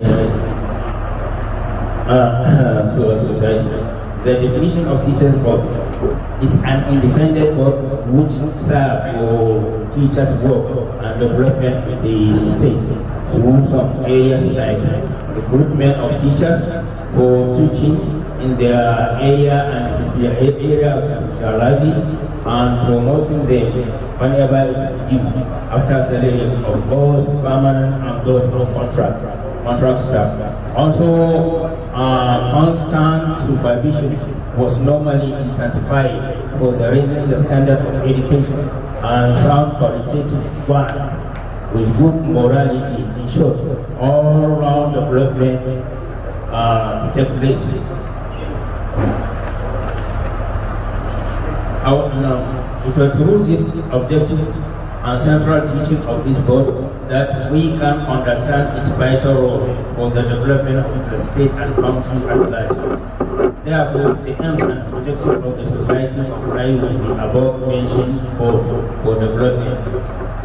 Uh, uh, the definition of teacher's board is an independent board which serves for teacher's work and development in the state through some areas like recruitment of teachers for teaching in their area and their area of and promoting them whenever it is due after selling of both permanent and those no contract contract staff. Also, uh, constant supervision was normally intensified for the raising the standard of education and sound qualitative one with good morality in short, all round development uh, to take place. to know. It was through this objective and central teaching of this book that we can understand its vital role for the development of the state and country at large. Therefore, the aims and objectives of the Society of Life the above mentioned board for development.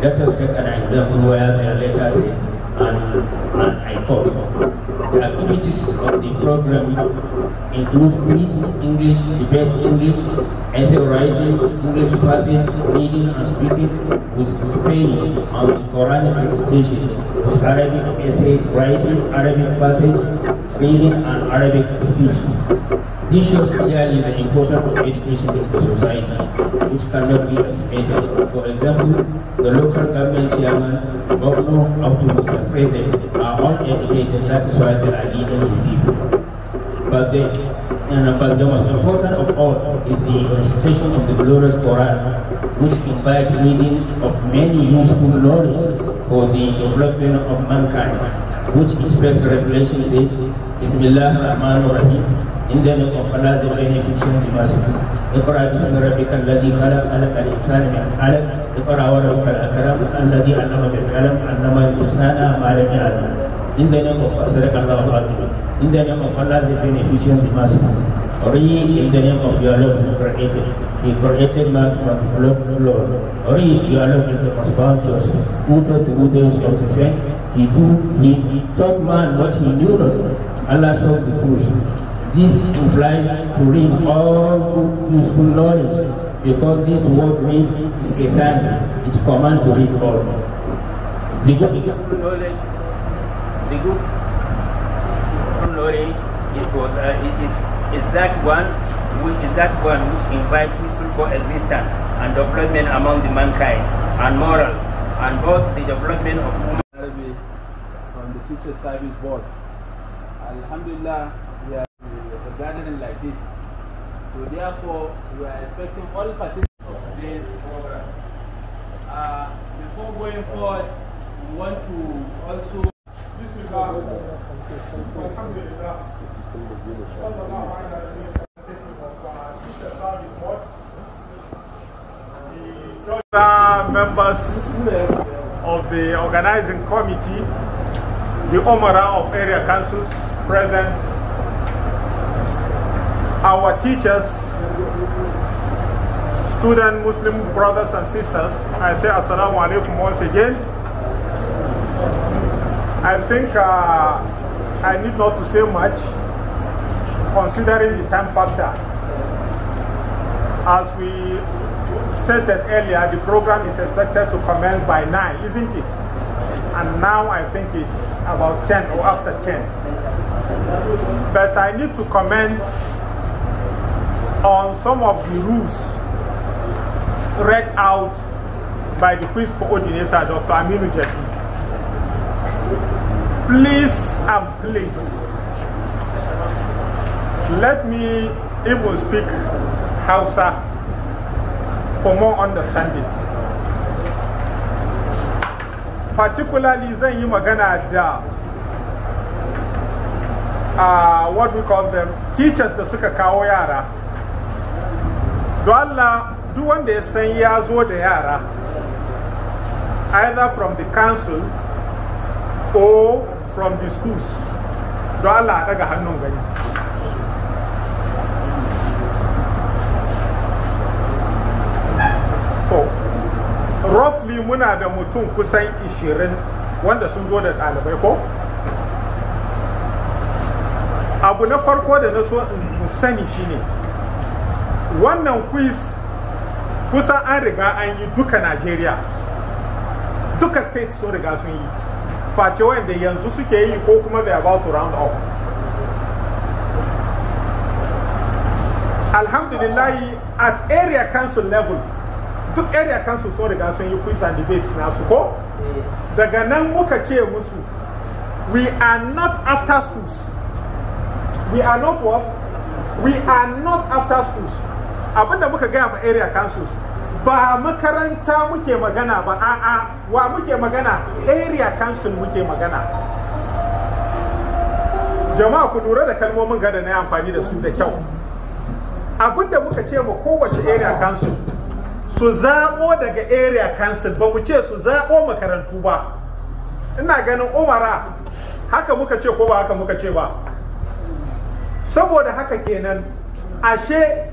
Let us take an example where the letter says, and, I ICOP. The activities of the program include Greece, English, debate English, essay writing, English passage, reading and speaking with Spain on the Quranic recitation, with Arabic essay writing, Arabic passage, reading and Arabic speech. This shows clearly the importance of education in the society, which cannot be estimated. For example, the local government chairman, governor, up to Mr. President, are uneducated. that is why they are leading the people. But the, and but the most important of all is the recitation of the glorious Quran, which invites reading of many useful knowledge for the development of mankind, which expresses revelation. in Bismillah ar-Rahman ar-Rahim. إن فلا ذرين في الشمس ما سكت اقرأ باسم ربك الذي خلق خلق الإنسان من علق اقرأ وربك الأكرم الذي علم بالقلم علم الإنسان ما لم يعلم إن فأسرك الله العظيم إن فلا ذرين في الشمس ما سكت Read in the name of your love who created. He created man from blood the blood. Read your love in the most bounteous. Who taught the goodness of the faith? He, do, he, he taught man what he knew not. Allah spoke the truth. This implies to read all useful knowledge because this word read is a science. It's command to read all. The good useful knowledge, the good knowledge is, what, uh, is, is that one which is that one which invites peaceful coexistence and development among the mankind and moral and both the development of human from the teacher service board. Alhamdulillah gardening like this. So therefore, we are expecting all participants of today's program. Uh, before going forward, we want to also... The members of the organizing committee, the Omara of area councils present our teachers, student Muslim brothers and sisters, I say assalamu alaikum once again. I think uh, I need not to say much considering the time factor. As we stated earlier, the program is expected to commence by 9, isn't it? And now I think it's about 10 or after 10. But I need to comment on some of the rules read out by the quiz coordinator, Dr. Aminu Jeffy. Please and um, please, let me even speak Hausa for more understanding. Particularly, zan yi magana da uh, what we call them teachers the suka kawo yara don Allah duk wanda ya san ya zo da yara either from the council or from the schools don Allah a daga hannun gani to roughly muna da mutum kusan 20 wanda sun zo da ɗalibai ko? abu na farko da na so in sani shine wannan quiz kusan an riga an yi duka Najeriya duka state sun riga sun yi face wanda yanzu suke yi ko kuma they about to round up alhamdulillahi at area council level duk area council sun riga sun yi quiz and debates nasu ko eh. daga nan muka ce musu we are not after schools we are not what we are not after schools abin da muka gaya ma area councils ba makaranta muke magana ba a'a wa muke magana area council muke magana jama'a ku lura da kalmomin gada na amfani da su da kyau abin da muka ce ma kowace area council su zaɓo daga area council ba mu ce su zaɓo makarantu ba ina ganin umara haka muka ce ko ba haka muka ce ba saboda haka kenan ashe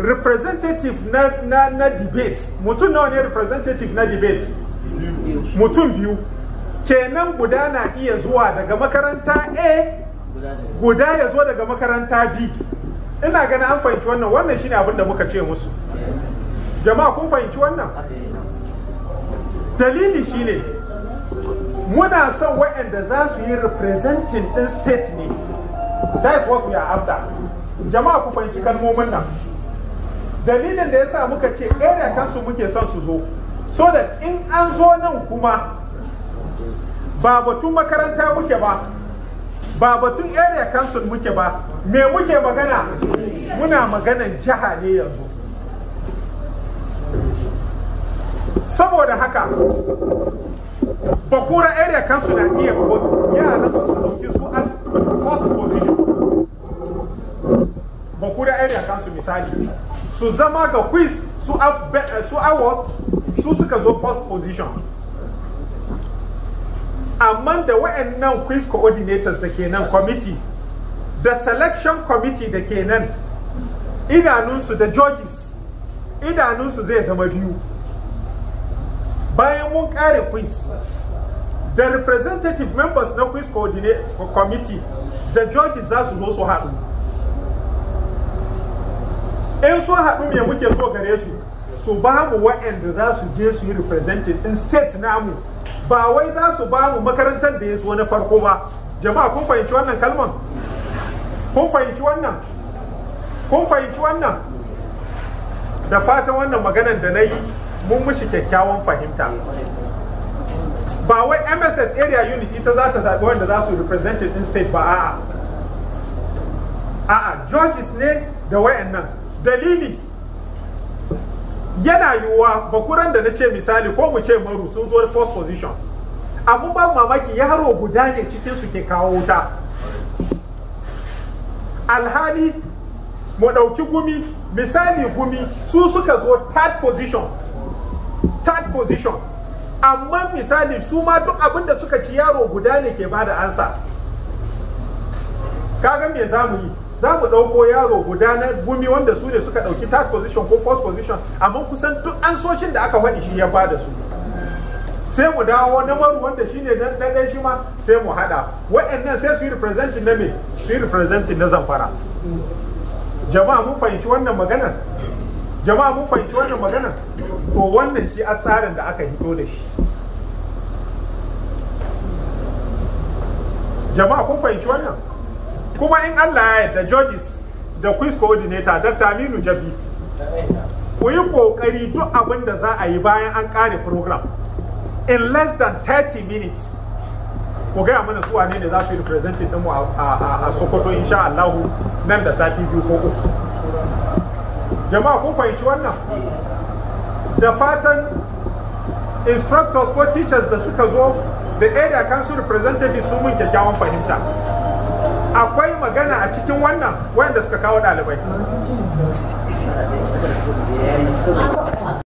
representative na, na, na debate mutum nawa ne representative na debate mutum biyu kenan guda na iya zuwa daga makaranta a guda ya zo daga makaranta b ina gana an fahimci wannan wannan shine abin da muka ce musu jama'a kun fahimci wannan dalili shine muna son wa'anda za su yi representing din state ne that's what we are after jama'a ku fahimci kalmomin nan dalilin da ya sa muka ce da kansu muke son su zo so da in an zo nan kuma ba batun makaranta muke ba ba batun area kansu muke ba me muke magana muna maganan jiha ne yanzu saboda haka bakura area kansu na iya yaran su su dauki su an first position Bakura area kansu misali su zama ga quiz su eh, su award su suka zo first position amma da wa'annan quiz coordinators da ke nan committee da selection committee da ke nan idanunsu da judges idanunsu zai zama biyu bayan mun kare quiz da representative members na quiz coordinate committee da judges za su zo su haɗu in sun haɗu me muke so gare su su ba mu wa'anda za su je su yi representing in state namu ba wai za su ba mu makarantar da ya zo na farko ba jama'a kun fahimci wannan kalmar kun fahimci wannan kun fahimci wannan da fatan wannan maganar da na yi mun mushi kyakkyawan fahimta ba wai mss area unit ita za ta zaɓi wanda za su representing in state ba a'a a'a judges ne da wayannan dalili yana yiwuwa bakuran da na ce misali ko mu ce maru sun zo first position abun ba mamaki yaro guda ne cikin su ke kawo wuta alhali mu ɗauki gumi misali gumi su suka zo third position third position amma misali su ma duk abin da suka ci yaro guda ne ke bada ansa kaga me za mu yi za mu ɗauko yaro guda na gumi wanda su ne suka ɗauki third position ko fourth position amma kusan duk ansoshin da aka faɗi shi ya ba da su sai mu dawo na maru wanda shi ne na ɗaya shi ma sai mu haɗa wa'annan sai su yi representing na me su yi representing na zamfara jama'a mun fahimci wannan maganar jama'a mun fahimci wannan maganar to wannan shi a tsarin da aka hito da shi jama'a kun fahimci wannan kuma in Allah ya yarda judges da quiz coordinator Dr. Aminu Jabi ku yi kokari duk abin da za a yi bayan an kare program in less than 30 minutes ku gaya mana su wane ne za su yi representing ɗinmu a Sokoto insha Allah nan da sati biyu ko uku jama'a kun fahimci wannan da fatan instructors ko teachers da suka zo da area council representative sun mun kyakkyawan fahimta akwai magana a cikin wannan wayanda suka kawo ɗalibai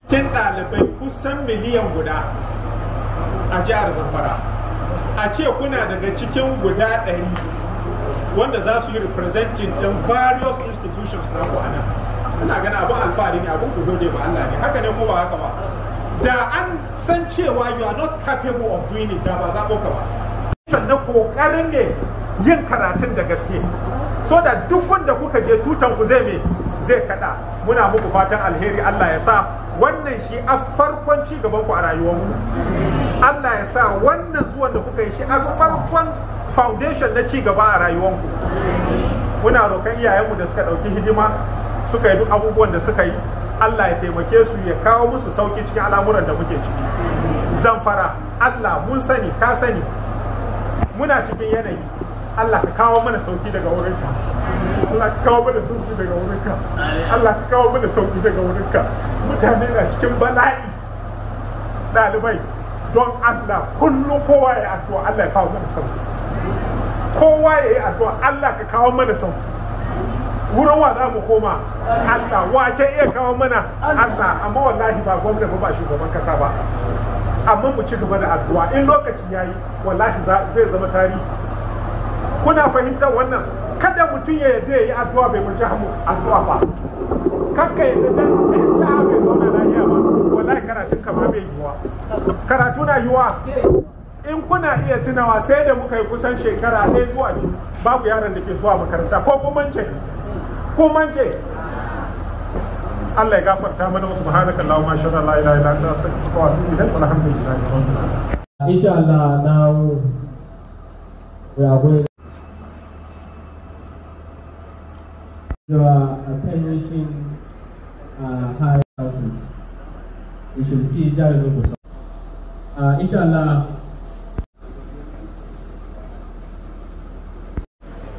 cikin ɗalibai kusan miliyan guda a jihar zamfara a ce kuna daga cikin guda ɗari wanda za su yi representing ɗin various institutions na ku ana ina gana abin alfahari ne abin ku ne ba Allah ne haka ne ko ba haka ba da an san cewa you are not capable of doing it da ba za ka ba na kokarin ne yin karatun da gaske so da duk wanda kuka je tutan ku zai me zai kada muna muku fatan alheri Allah ya sa wannan shi a farkon ci gaban a rayuwarku Allah ya sa wannan zuwan da kuka yi shi a farkon foundation na ci gaba a rayuwarku muna roƙon iyayenmu da suka ɗauki hidima suka yi duk abubuwan da suka yi Allah ya taimake su ya kawo musu sauki cikin al'amuran da muke ciki zamfara Allah mun sani ka sani muna cikin yanayi Allah ka kawo mana sauki daga wurinka Allah ka kawo mana sauki daga wurinka Allah ka kawo mana sauki daga wurinka mutane na cikin bala'i ɗalibai don Allah kullum kowa ya addu'a Allah ya kawo mana sauki kowa ya yi addu'a Allah ka kawo mana sauki wurin wa za mu koma Allah wa iya kawo mana Allah amma wallahi ba gwamnati ba ba shugaban kasa ba amma mu ci gaba da addu'a in lokaci yayi wallahi zai zama tarihi kuna fahimtar wannan kada mutum ya yarda ya yi addu'a bai murji hamu addu'a ba kakka yadda dan ɗan sa'a bai zauna iya ba wallahi karatun ka ma bai yiwuwa karatu na yiwuwa in kuna iya tunawa sai da muka yi kusan shekara ɗaya zuwa biyu babu yaran da ke zuwa makaranta ko kumance kumance Allah ya gafarta mana wasu subhanaka kan shalla la ilaha ya anta astaghfiruka su atubu ilayk walhamdulillahi rabbil alamin insha Allah na. we are the attenuation uh, high houses. You should see Jared Obosa. Uh, inshallah.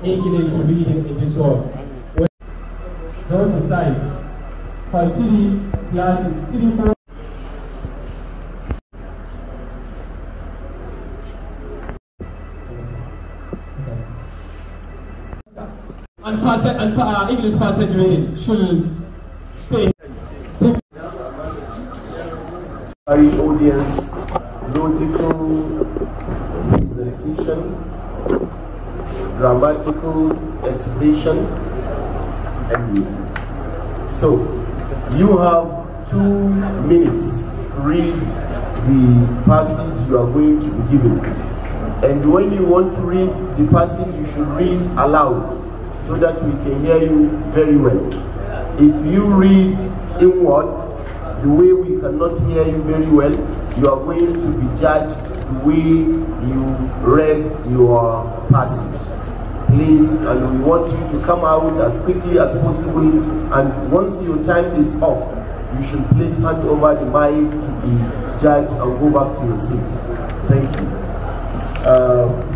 English reading in this hall. Join the site for three classes, three, four. and, pass and uh, English passage reading should stay. Sorry, audience, logical presentation, grammatical expression, and So, you have two minutes to read the passage you are going to be given. And when you want to read the passage, you should read aloud so that we can hear you very well. If you read in what the way we cannot hear you very well, you are going to be judged the way you read your passage. Please, and we want you to come out as quickly as possible. And once your time is up, you should please hand over the mic to the judge and go back to your seat. Thank you. Uh,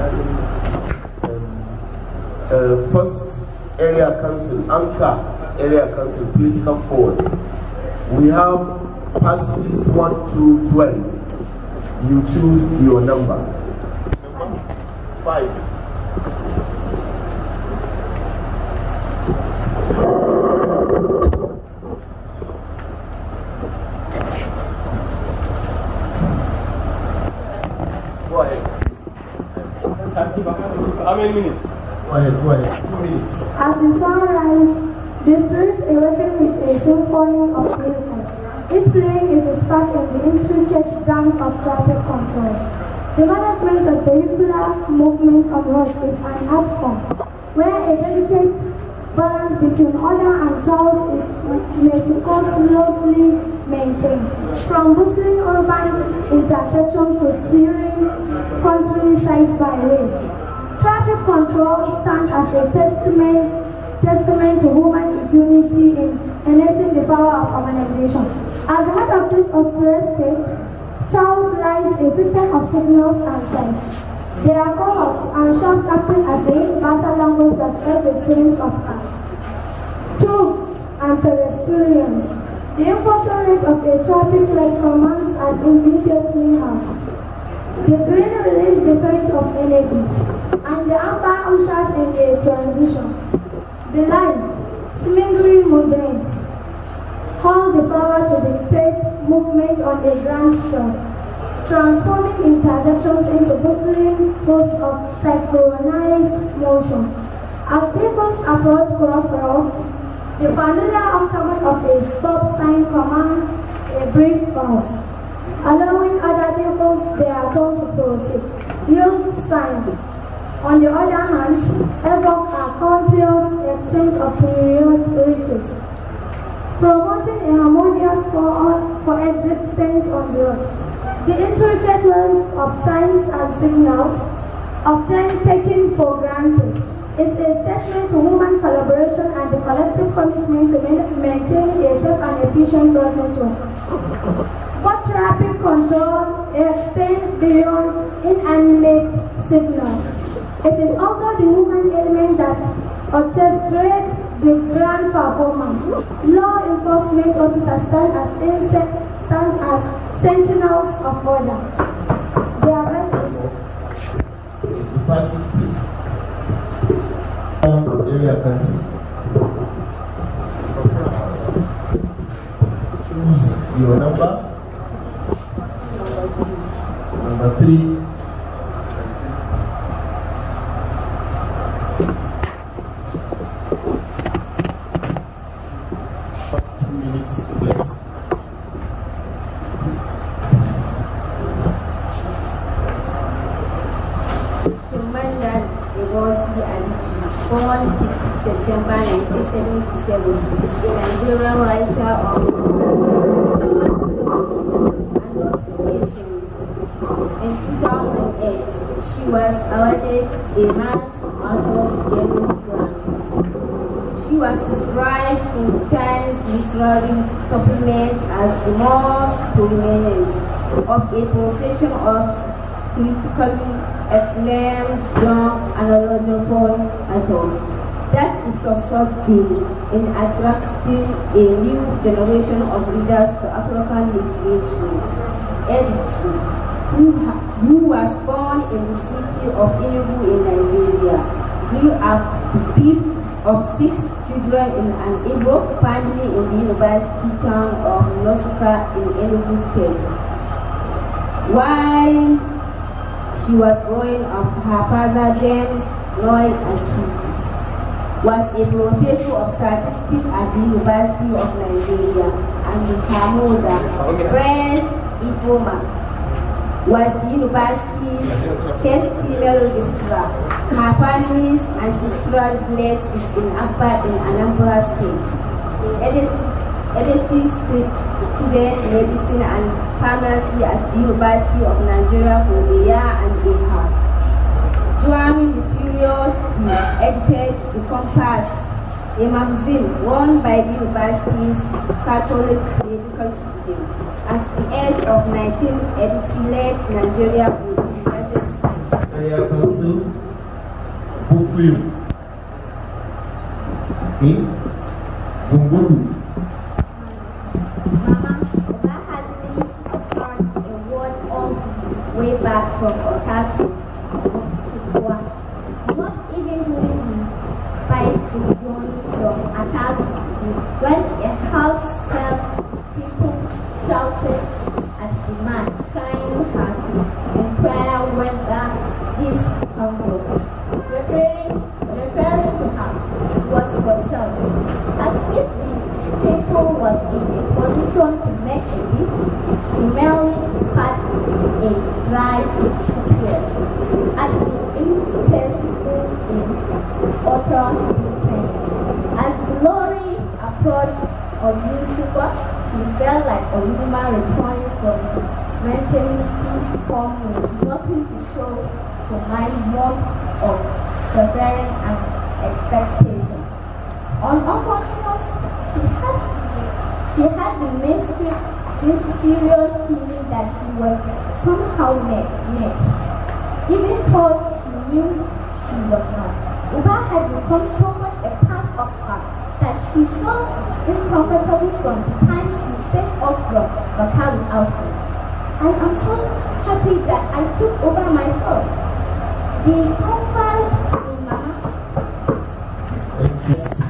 um, uh, first area council, Anchor area council, please come forward. We have passages 1 to 12. You choose your number. Five. many minutes? Go ahead, go ahead. Two minutes. At the sunrise, the street awakened with a symphony of miracles. Each playing its part in the intricate dance of traffic control. The management of vehicular movement on roads is an art form, where a delicate balance between order and chaos is meticulously maintained. From bustling urban intersections to steering countryside byways. Water control stands as a testament, testament to women's unity in enhancing the power of organization. At the heart of this austere state, Charles lies a system of signals and signs. They are colors and shapes acting as a universal language that guide the students of us. Troops and pedestrians. The enforcement of a traffic light commands are immediately halved. The brain releases the current of energy, and the amber ushers in the transition. The light, seemingly mundane, holds the power to dictate movement on a grand scale, transforming intersections into bustling modes of synchronized motion. As people approach crossroads, the familiar aftermath of a stop sign command a brief pause allowing other vehicles their turn to proceed. Yield signs. On the other hand, evoke a continuous exchange of priorities, promoting a harmonious coexistence on the road. The intricate web of signs and signals, often taken for granted, is a statement to human collaboration and the collective commitment to maintain a safe and efficient road network. What traffic control extends beyond inanimate signals. It is also the human element that orchestrates the grand performance. Law enforcement officers stand as, stand as sentinels of order. They are restless. Passive, please. area um, passive. Choose your number three supplement as the most prominent of a procession of critically acclaimed young analogical authors That is successful in attracting a new generation of readers to African literature. Edith, who, who was born in the city of Enugu in Nigeria, grew up the fifth of six children in an Igbo family in the university town of Nosuka in Enugu State. While she was growing up, her father James Lloyd and was a professor of statistics at the University of Nigeria and her mother, okay. Ifoma, was the university's first female registrar. My family's ancestral village is in Akbar in Anambra State. A LHT student medicine and pharmacy at the University of Nigeria for a year and a half. During the period, he edited The Compass, a magazine run by the university's Catholic medical students. At the age of 19, he left Nigeria for the United States. e em Vongolu. On unconscious, she had, she had the mysterious, feeling that she was somehow mad, Even though she knew she was not. Uba had become so much a part of her that she felt uncomfortable from the time she set off from the car without her. I am so happy that I took over myself. The comfort in my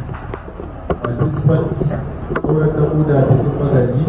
asfalt auren da huda da magaji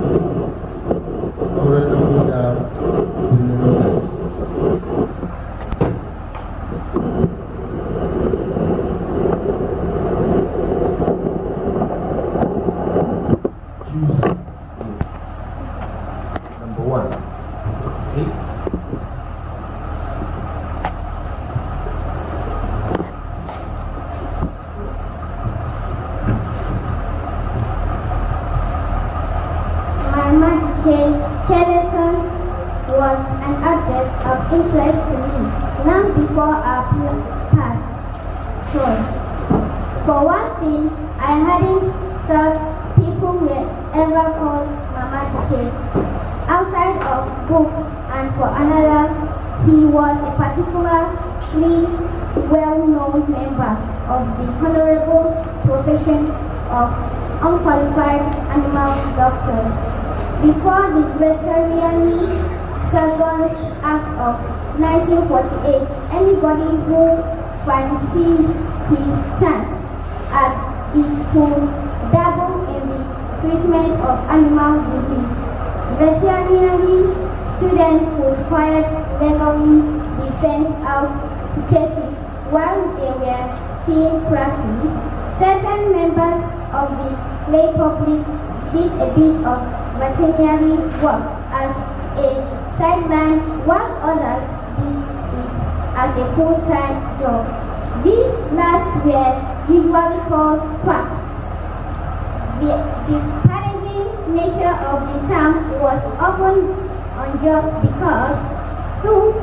see his chance at it could double in the treatment of animal disease. Veterinary students would quite legally be sent out to cases while they were seeing practice. Certain members of the lay public did a bit of veterinary work as a sideline while others did it as a full-time job. These last were usually called quacks. The disparaging nature of the term was often unjust because two,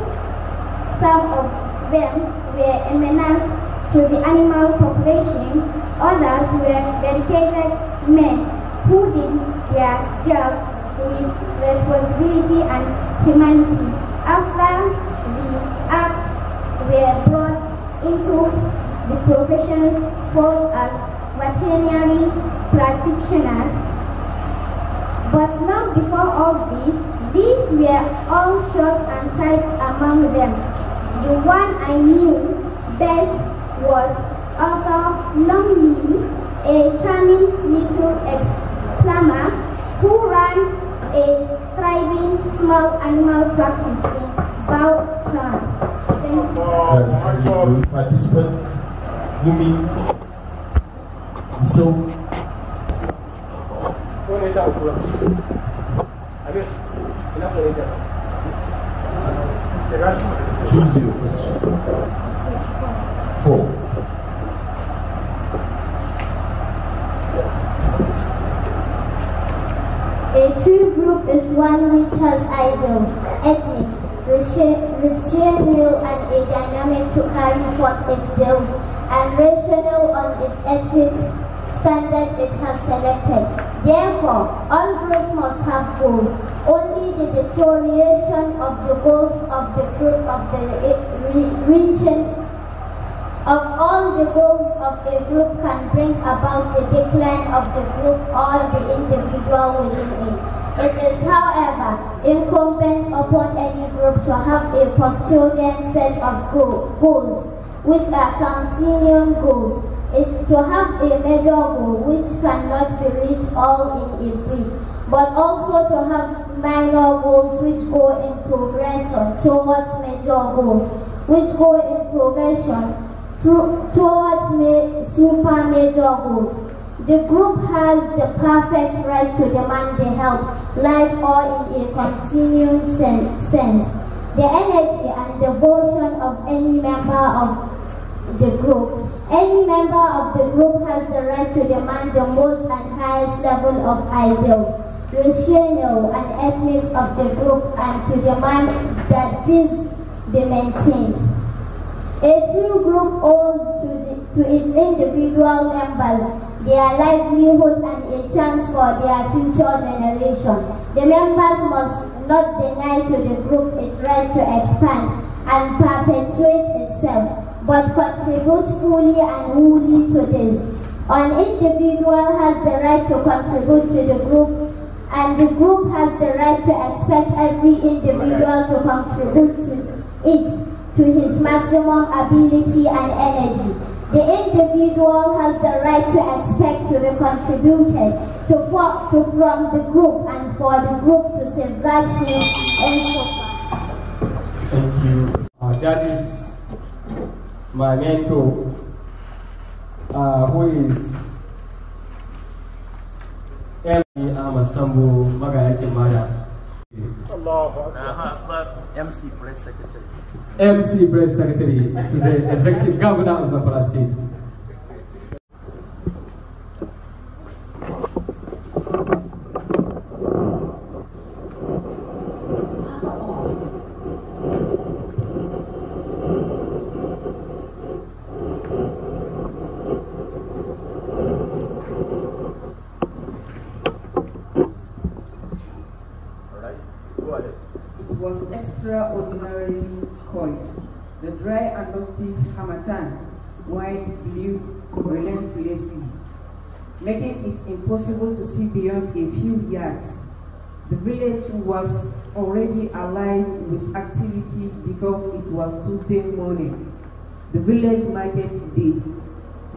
some of them were a menace to the animal population, others were dedicated men who did their job with responsibility and humanity. After the act were brought into the professions for as veterinary practitioners. But not before all this, these were all short and tight among them. The one I knew best was Arthur Longley, a charming little ex-plumber who ran a thriving small animal practice in Bowtown as the participant Mumi so choose your question four A true group is one which has idols, ethnics, rational and a dynamic to carry forth its deals, and rational on its ethics standard it has selected. Therefore, all groups must have goals. Only the deterioration of the goals of the group of the region of all the goals of a group can bring about the decline of the group or the individual within it. It is, however, incumbent upon any group to have a postulate set of goals, which are continuing goals, it, to have a major goal which cannot be reached all in a brief, but also to have minor goals which go in progression towards major goals, which go in progression through, towards ma super major goals. The group has the perfect right to demand the help, life or in a continued sen sense. The energy and devotion of any member of the group. Any member of the group has the right to demand the most and highest level of ideals, rational and ethics of the group and to demand that this be maintained. A true group owes to, the, to its individual members their livelihood and a chance for their future generation. The members must not deny to the group its right to expand and perpetuate itself, but contribute fully and wholly to this. An individual has the right to contribute to the group, and the group has the right to expect every individual to contribute to it to his maximum ability and energy. The individual has the right to expect to be contributed to, for, to from the group and for the group to safeguard him and so far. Thank you. Uh, judges. my mentor uh, who is Emily Amasambu Magayakin Mada. MC Press Secretary. MC Press Secretary, the Executive Governor of Zapara State. was extraordinarily cold. The dry and dusty Hamatan wind blew relentlessly, making it impossible to see beyond a few yards. The village was already alive with activity because it was Tuesday morning, the village market day.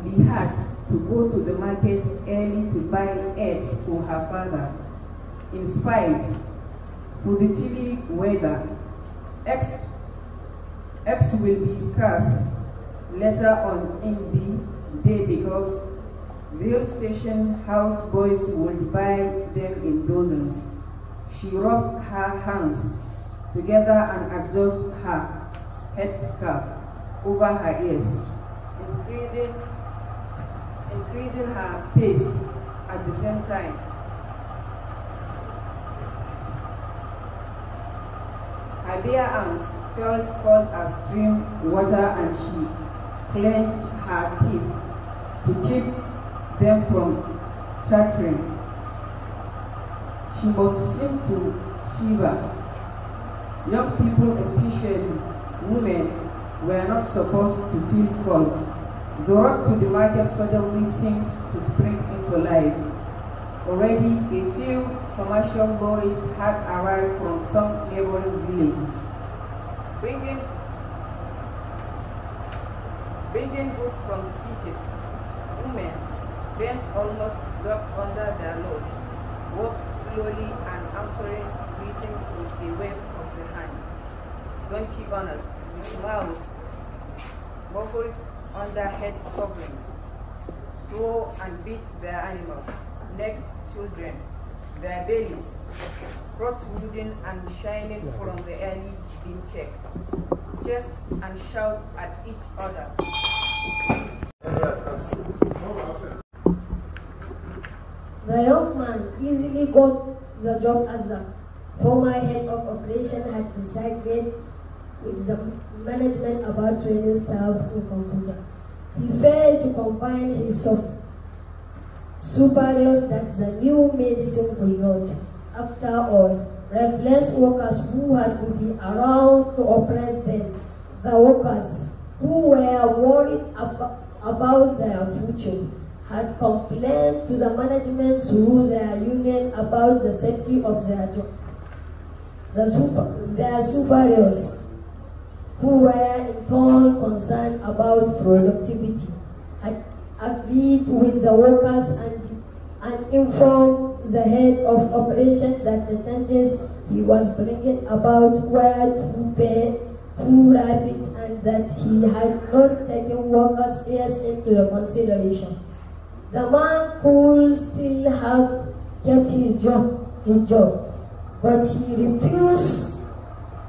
We had to go to the market early to buy eggs for her father. In spite to the chilly weather. Eggs, X will be scarce later on in the day because the station house boys would buy them in dozens. She rubbed her hands together and adjusted her headscarf over her ears, increasing, increasing her pace at the same time. Abia aunt felt cold as stream water and she clenched her teeth to keep them from chattering. She must seem to shiver. Young people, especially women, were not supposed to feel cold. The road to the market suddenly seemed to spring into life. Already a few commercial bodies had arrived from some neighboring villages, bringing, bringing goods from the cities. Women, bent almost ducked under their loads, walked slowly and answering greetings with a wave of the hand. Donkey owners, with mouths muffled under head coverings, swore and beat their animals, necked children, their bellies, brought wooden and shining from the early bean cake, chest and shout at each other. The young man easily got the job as the former head of operation had decided with the management about training staff in computer. He failed to combine his soft Superiors that the new medicine will not. After all, relentless workers who had to be around to operate them, the workers who were worried ab about their future, had complained to the management through their union about the safety of their job. The super, their superiors who were in turn concerned about productivity agreed with the workers and, and informed the head of operations that the changes he was bringing about were too fair, too rapid, and that he had not taken workers' fears into the consideration. The man could still have kept his job, his job, but he refused,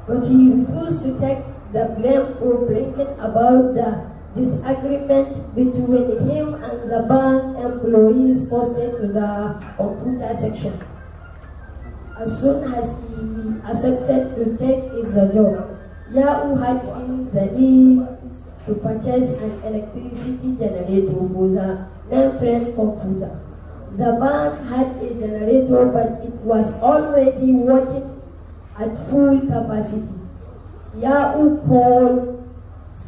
but he refused to take the blame for bringing about the Disagreement between him and the bank employees posted to the computer section. As soon as he accepted to take his the job, Yahoo had seen the need to purchase an electricity generator for the mainframe computer. The bank had a generator, but it was already working at full capacity. Yahoo called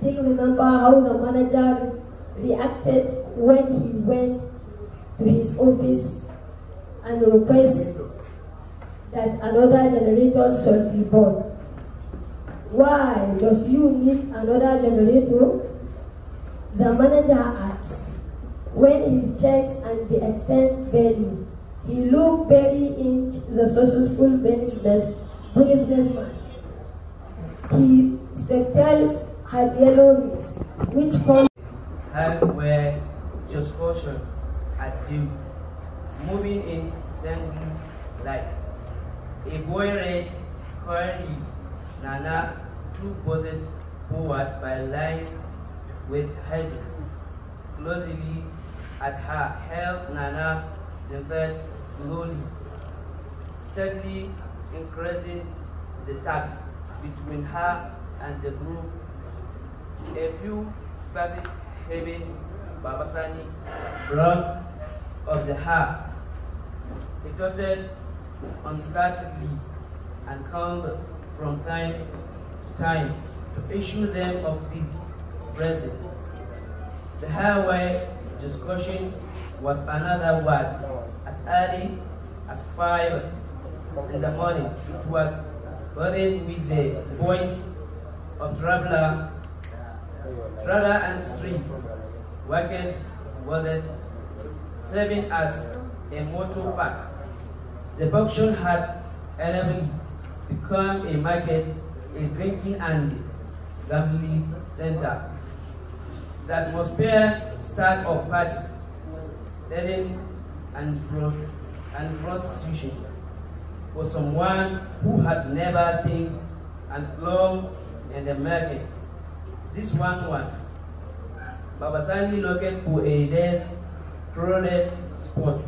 still remember how the manager reacted when he went to his office and requested that another generator should be bought. Why does you need another generator? The manager asked. When he checks and the extent barely, he looked barely in the successful businessman. He spectacles have yellow leaves, which cause have where just caution at do Moving in Zengu like a boy red currently Nana two buzzed forward by line with head closely at her held Nana bed slowly, steadily increasing the tag between her and the group a few verses having Babasani run of the heart. He trotted and called from time to time to issue them of the present. The highway discussion was another word. As early as five in the morning, it was burdened with the voice of traveler brother and street workers were serving as a motor park. The function had early become a market, a drinking and gambling center. The atmosphere start of party, living, and, pro and prostitution for someone who had never been, and flown in the market this one one. Baba Babasani looked for a dense, crowded spot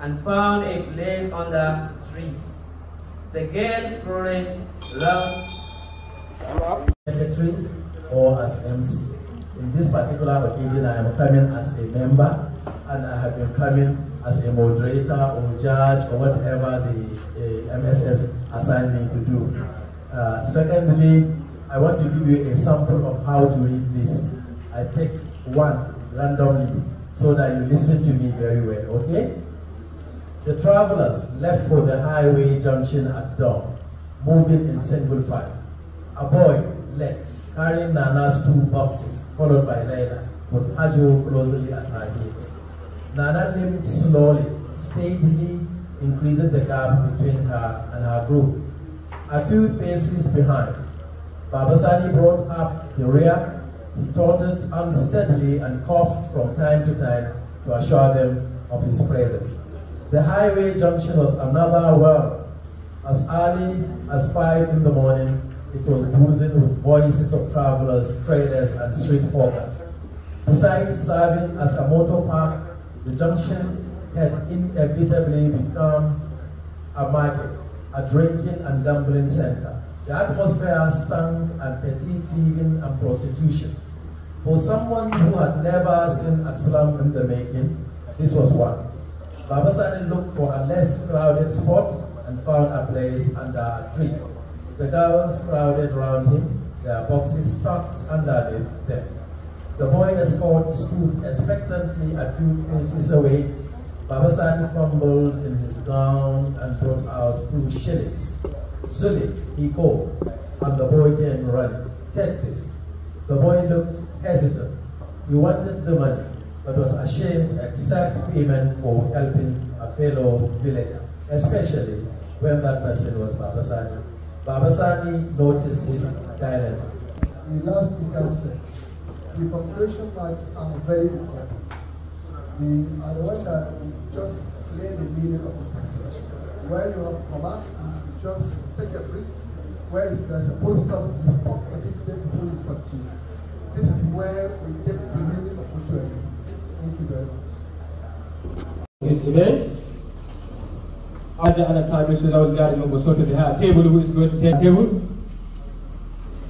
and found a place under a tree. The girl scrawled love secretary or as MC. In this particular occasion, I am coming as a member and I have been coming as a moderator or judge or whatever the uh, eh, MSS assigned me to do. Uh, secondly, I want to give you a sample of how to read this. I take one randomly so that you listen to me very well, okay? The travelers left for the highway junction at dawn, moving in single file. A boy led, carrying Nana's two boxes, followed by Leila, with Hajo closely at her heels. Nana limped slowly, steadily increasing the gap between her and her group. A few paces behind, Babasani brought up the rear. He taunted unsteadily and coughed from time to time to assure them of his presence. The highway junction was another world. As early as five in the morning, it was buzzing with voices of travelers, traders, and street hawkers. Besides serving as a motor park, the junction had inevitably become a market, a drinking and gambling center. The atmosphere stank of petty thieving and prostitution. For someone who had never seen a slum in the making, this was one. Babasani looked for a less crowded spot and found a place under a tree. The girls crowded round him, their boxes tucked underneath them. The boy escort stood expectantly a few paces away. Babasani fumbled in his gown and brought out two shillings. Silly, he called, and the boy came running. Take this. The boy looked hesitant. He wanted the money, but was ashamed to accept payment for helping a fellow villager, especially when that person was Babasani. Babasani noticed his dilemma. He left the cafe. The population maps are very important. They are the ones that just play the meaning of the passage. Where you have comma, just take a risk. Where there's a post stop, you stop a bit, then pull it continue. This is where we get the meaning of mutualism. Thank you very much. Instruments. أرجع أنا سامس لو جاري من بصوت بها table who is going to take table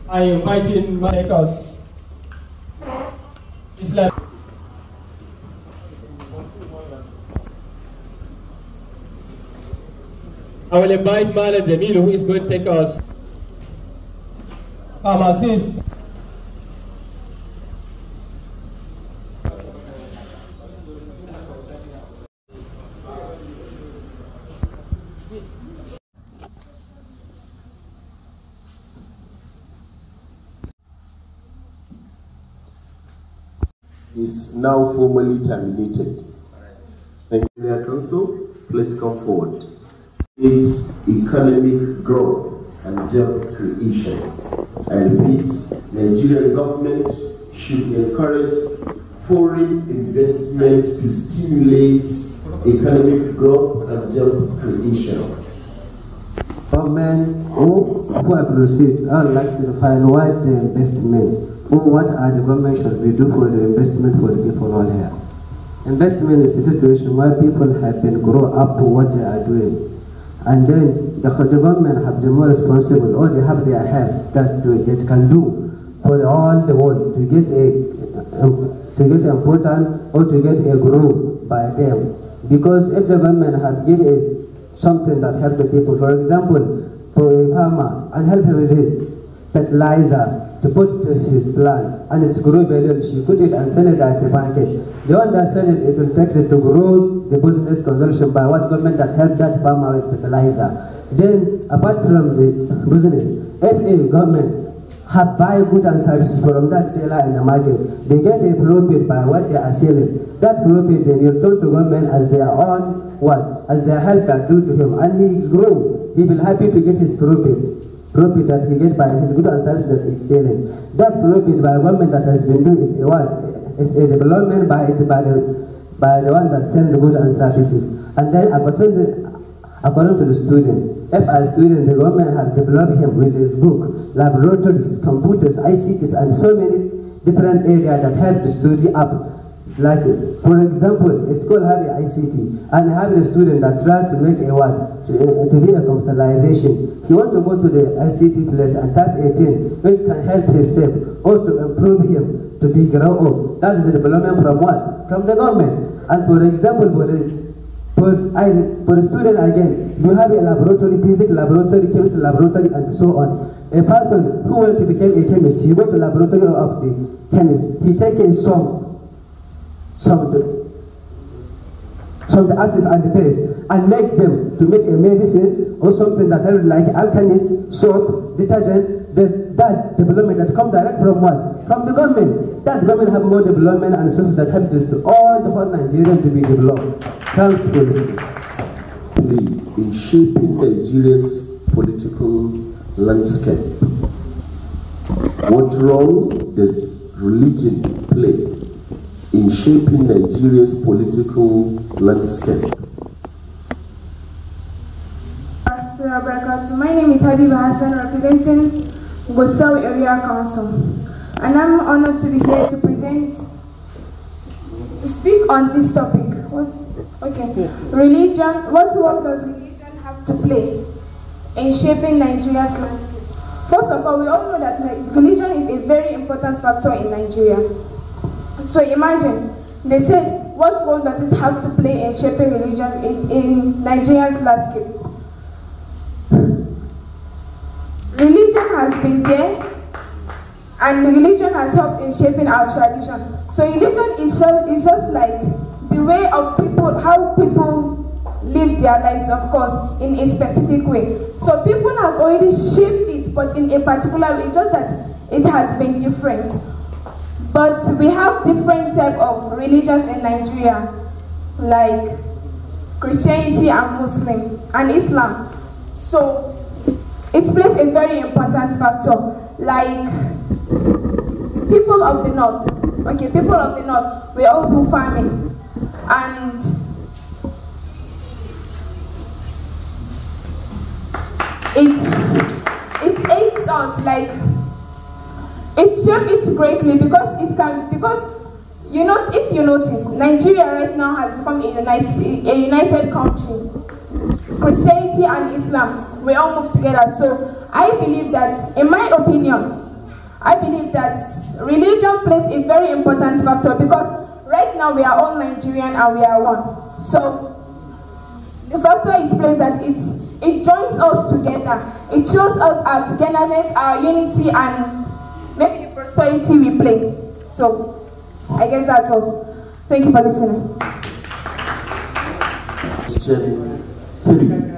I invite in my Islam Our invite Malem Jamilu who is going to take us. i assist. is now formally terminated. Thank you, Council. Please come forward creates economic growth and job creation. I repeat, Nigerian government should encourage foreign investment to stimulate economic growth and job creation. Government who, who have received, I would like to find what the investment or what are the government should we do for the investment for the people all here. Investment is a situation where people have been grow up to what they are doing. And then the, the government have the more responsible, all oh, they have they have that they can do for all the world to get a um, to get important or to get a grow by them. Because if the government have given something that help the people, for example, for a farmer and help him with it, fertilizer, to put his plan and its very well. She put it and send it at the market. The one that send it, it will take it to grow the business consolidation by what government that help that farmer with fertilizer. Then, apart from the business, every government have buy goods and services from that seller in the market. They get a profit by what they are selling. That profit they will turn to government as their own what? As their help can do to him. And he is grown. He will happy to get his profit profit that he get by his good and services that he's selling. That profit by government that has been doing is a what? Is a development by by the by the one that sell the goods and services. And then according to, according to the student, if a student the government has developed him with his book, laboratories, computers, ICTs, and so many different areas that help to study up like for example a school have a ICT and have a student that try to make a what to, be a commercialization. He want to go to the ICT place and type 18, where he can help himself or to improve him to be grown up. That is the development from what? From the government. And for example, for the for, I, for the student again, you have a laboratory, physics laboratory, chemistry laboratory, and so on. A person who wants to become a chemist, he went to the laboratory of the chemist. He takes a sum, some so the acids and the paste, and make them to make a medicine or something that they like Alkanes, soap, detergent, the, that development that come direct from what? From the government. That government have more development and resources that help this to all the whole Nigeria to be developed. Thanks for listening. In shaping Nigeria's political landscape, what role does religion play in shaping Nigeria's political landscape. My name is Habiba Hassan, representing Gosawi Area Council, and I'm honored to be here to present, to speak on this topic. What's, okay, religion. What role does religion have to play in shaping Nigeria's landscape? First of all, we all know that religion is a very important factor in Nigeria. So imagine they said, what role does it have to play in shaping religion in, in Nigeria's landscape? Religion has been there and religion has helped in shaping our tradition. So religion is just, is just like the way of people, how people live their lives, of course, in a specific way. So people have already shaped it, but in a particular way, just that it has been different. But we have different type of religions in Nigeria, like Christianity and Muslim and Islam. So it plays a very important factor. Like people of the north, okay, people of the north, we all do farming and it it aids us like it shapes it greatly because it can because you know if you notice Nigeria right now has become a united a united country. Christianity and Islam we all move together. So I believe that in my opinion, I believe that religion plays a very important factor because right now we are all Nigerian and we are one. So the factor explains that it's, it joins us together. It shows us our togetherness, our unity, and 20 we play. So, I guess that's all. Thank you for listening. Three.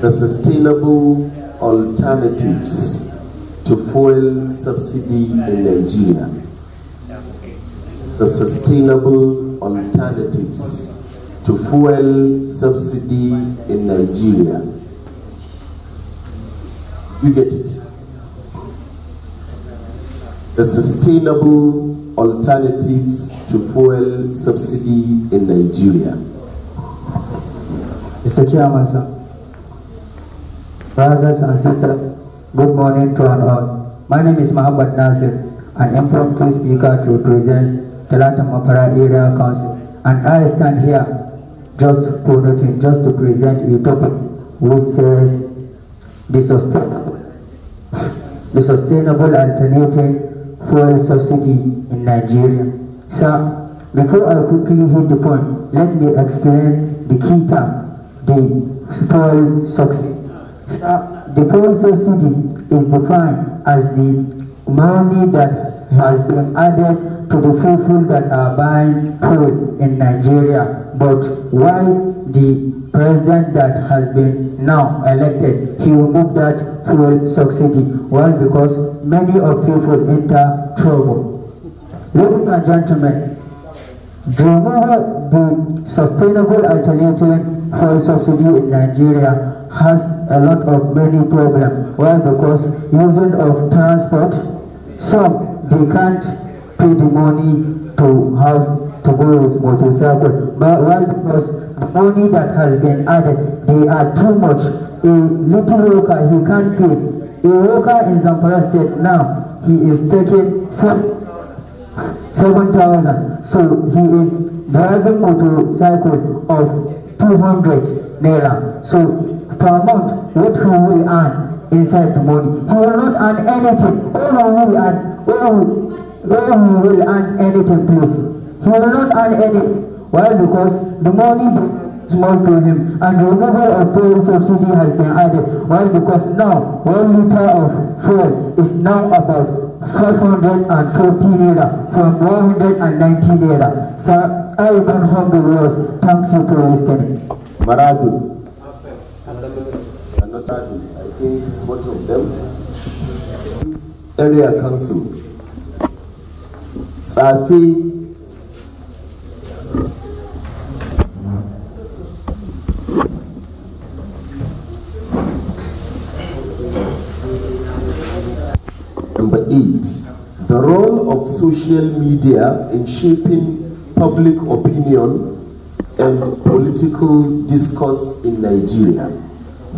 The sustainable alternatives to fuel subsidy in Nigeria. The sustainable alternatives to fuel subsidy in Nigeria. You get it the sustainable alternatives to fuel subsidy in Nigeria. Mr. Chairman, sir. brothers and sisters, good morning to all. My name is Mohammed Nasir, an impromptu speaker to present the Latin Opera Area Council. And I stand here just to nothing, just to present a topic which says the sustainable, the sustainable alternative for subsidy in Nigeria. So, before I quickly hit the point, let me explain the key term, the fuel subsidy. So, the fuel subsidy is defined as the money that has been added to the people that are buying food in Nigeria, but why the president that has been now elected, he will move that fuel subsidy. Why? because many of people enter trouble. Ladies and gentlemen, do you know the sustainable alternative fuel subsidy in Nigeria has a lot of many problems. Why? because using of transport, some they can't pay the money to have to go with motorcycle. But why? because money that has been added, they are too much. A little worker, he can't pay. A worker in Zamfara state now, he is taking 7,000. So he is driving motorcycle of 200 naira. So per month, what will we earn inside the money? He will not earn anything. All we will earn, all, all he will earn anything, please. He will not earn anything. Why? Because the money small to him and the removal of fuel subsidy has been added. Why? Because now one liter of fuel is now about 540 naira from 190 naira. So I don't the rules. Thanks you for listening. Maradu. I think most of them. Area Council. Safi It The role of social media in shaping public opinion and political discourse in Nigeria.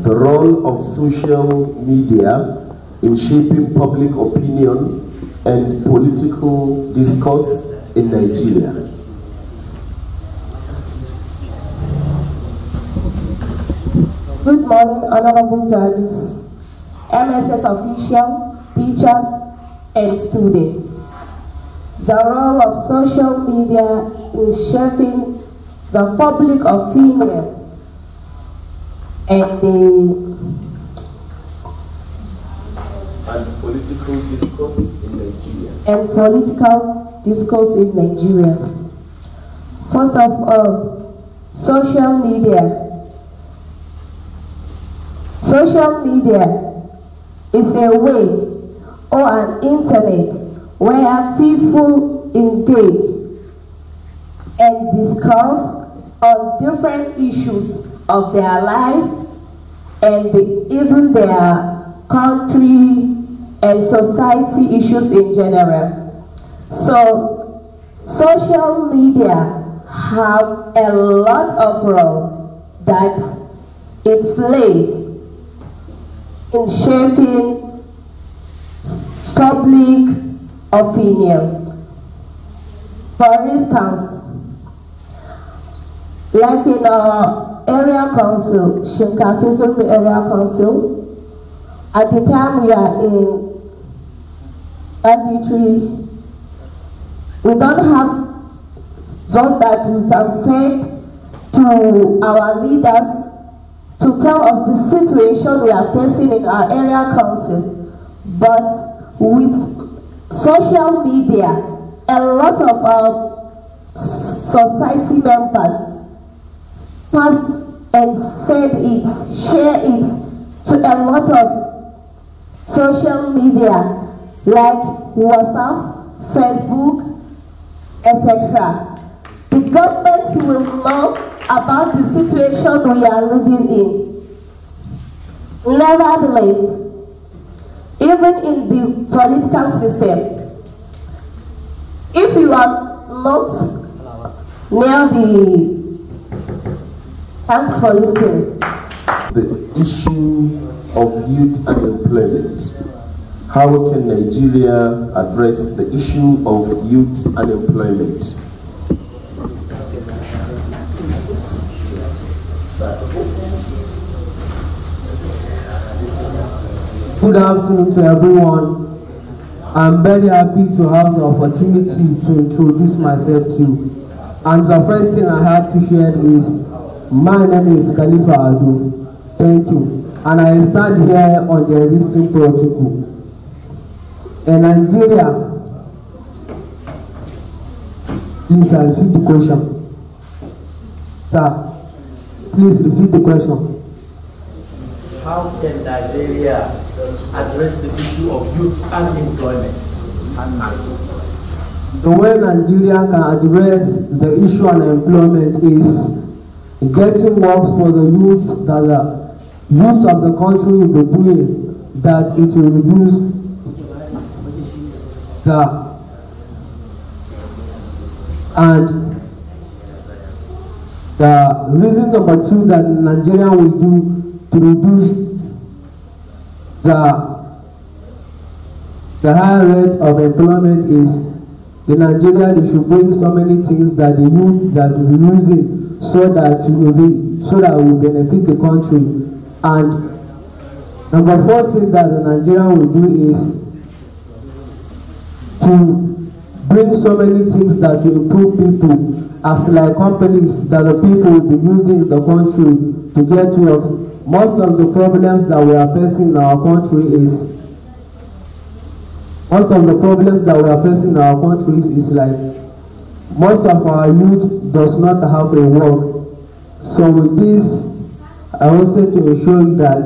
The role of social media in shaping public opinion and political discourse in Nigeria. Good morning, honorable judges, MSS official, teachers, and students. The role of social media in shaping the public opinion and the and political discourse in Nigeria. And political discourse in Nigeria. First of all, social media. Social media is a way or an internet where people engage and discuss on different issues of their life and the, even their country and society issues in general. So social media have a lot of role that it plays in shaping public opinions. For instance, like in our area council, Shinkafi Area Council, at the time we are in Aditri, we don't have just that we can send to our leaders to tell of the situation we are facing in our area council, but with social media, a lot of our society members passed and said it, share it to a lot of social media like WhatsApp, Facebook, etc. The government will know about the situation we are living in. Nevertheless, even in the political system. If you are not near the... Thanks for listening. The issue of youth unemployment. How can Nigeria address the issue of youth unemployment? Good afternoon to everyone. I'm very happy to have the opportunity to introduce myself to you. And the first thing I have to share is my name is Khalifa Adu. Thank you. And I stand here on the existing protocol. In Nigeria, please repeat the question. Sir, please repeat the question. how can Nigeria address the issue of youth unemployment? The way Nigeria can address the issue of unemployment is getting works for the youth that the youth of the country will be doing that it will reduce the and the reason number two that Nigeria will do to reduce the the high rate of employment is in Nigeria they should bring so many things that the youth that we using so that we will be so that we benefit the country and number four thing that the Nigerian will do is to bring so many things that will improve people as like companies that the people will be using in the country to get jobs most of the problems that we are facing in our country is most of the problems that we are facing in our countries is like most of our youth does not have a work. So with this, I want to assure you that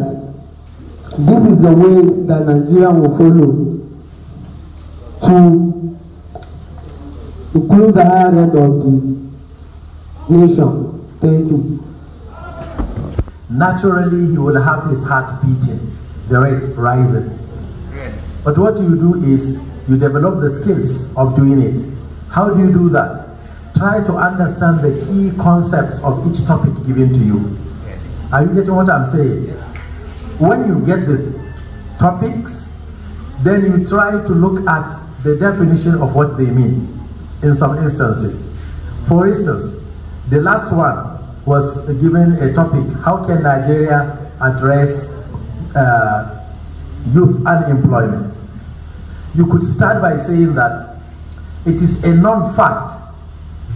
this is the ways that Nigeria will follow to include the higher end of the nation. Thank you naturally he will have his heart beating, the rate rising. But what you do is you develop the skills of doing it. How do you do that? Try to understand the key concepts of each topic given to you. Are you getting what I'm saying? When you get these topics, then you try to look at the definition of what they mean in some instances. For instance, the last one, was given a topic, how can Nigeria address uh, youth unemployment? You could start by saying that it is a known fact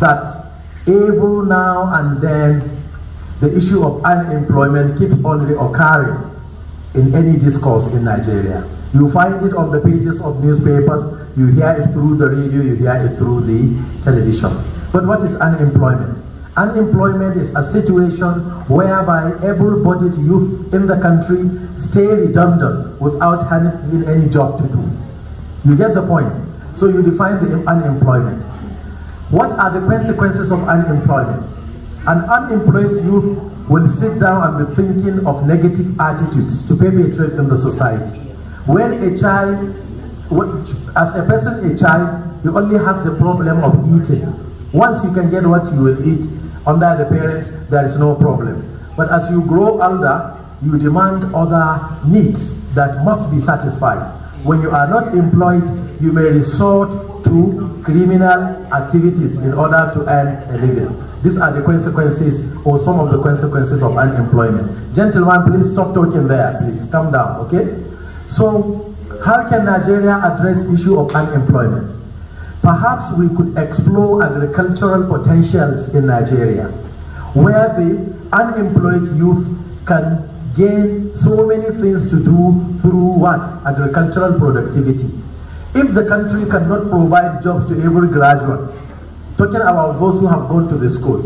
that every now and then the issue of unemployment keeps on occurring in any discourse in Nigeria. You find it on the pages of newspapers, you hear it through the radio, you hear it through the television. But what is unemployment? Unemployment is a situation whereby able-bodied youth in the country stay redundant without having any job to do. You get the point? So you define the unemployment. What are the consequences of unemployment? An unemployed youth will sit down and be thinking of negative attitudes to perpetrate in the society. When a child, as a person a child, he only has the problem of eating. Once you can get what you will eat, under the parents, there is no problem. But as you grow older, you demand other needs that must be satisfied. When you are not employed, you may resort to criminal activities in order to earn a living. These are the consequences or some of the consequences of unemployment. Gentlemen, please stop talking there. Please calm down, okay? So, how can Nigeria address issue of unemployment? perhaps we could explore agricultural potentials in Nigeria, where the unemployed youth can gain so many things to do through what? Agricultural productivity. If the country cannot provide jobs to every graduate, talking about those who have gone to the school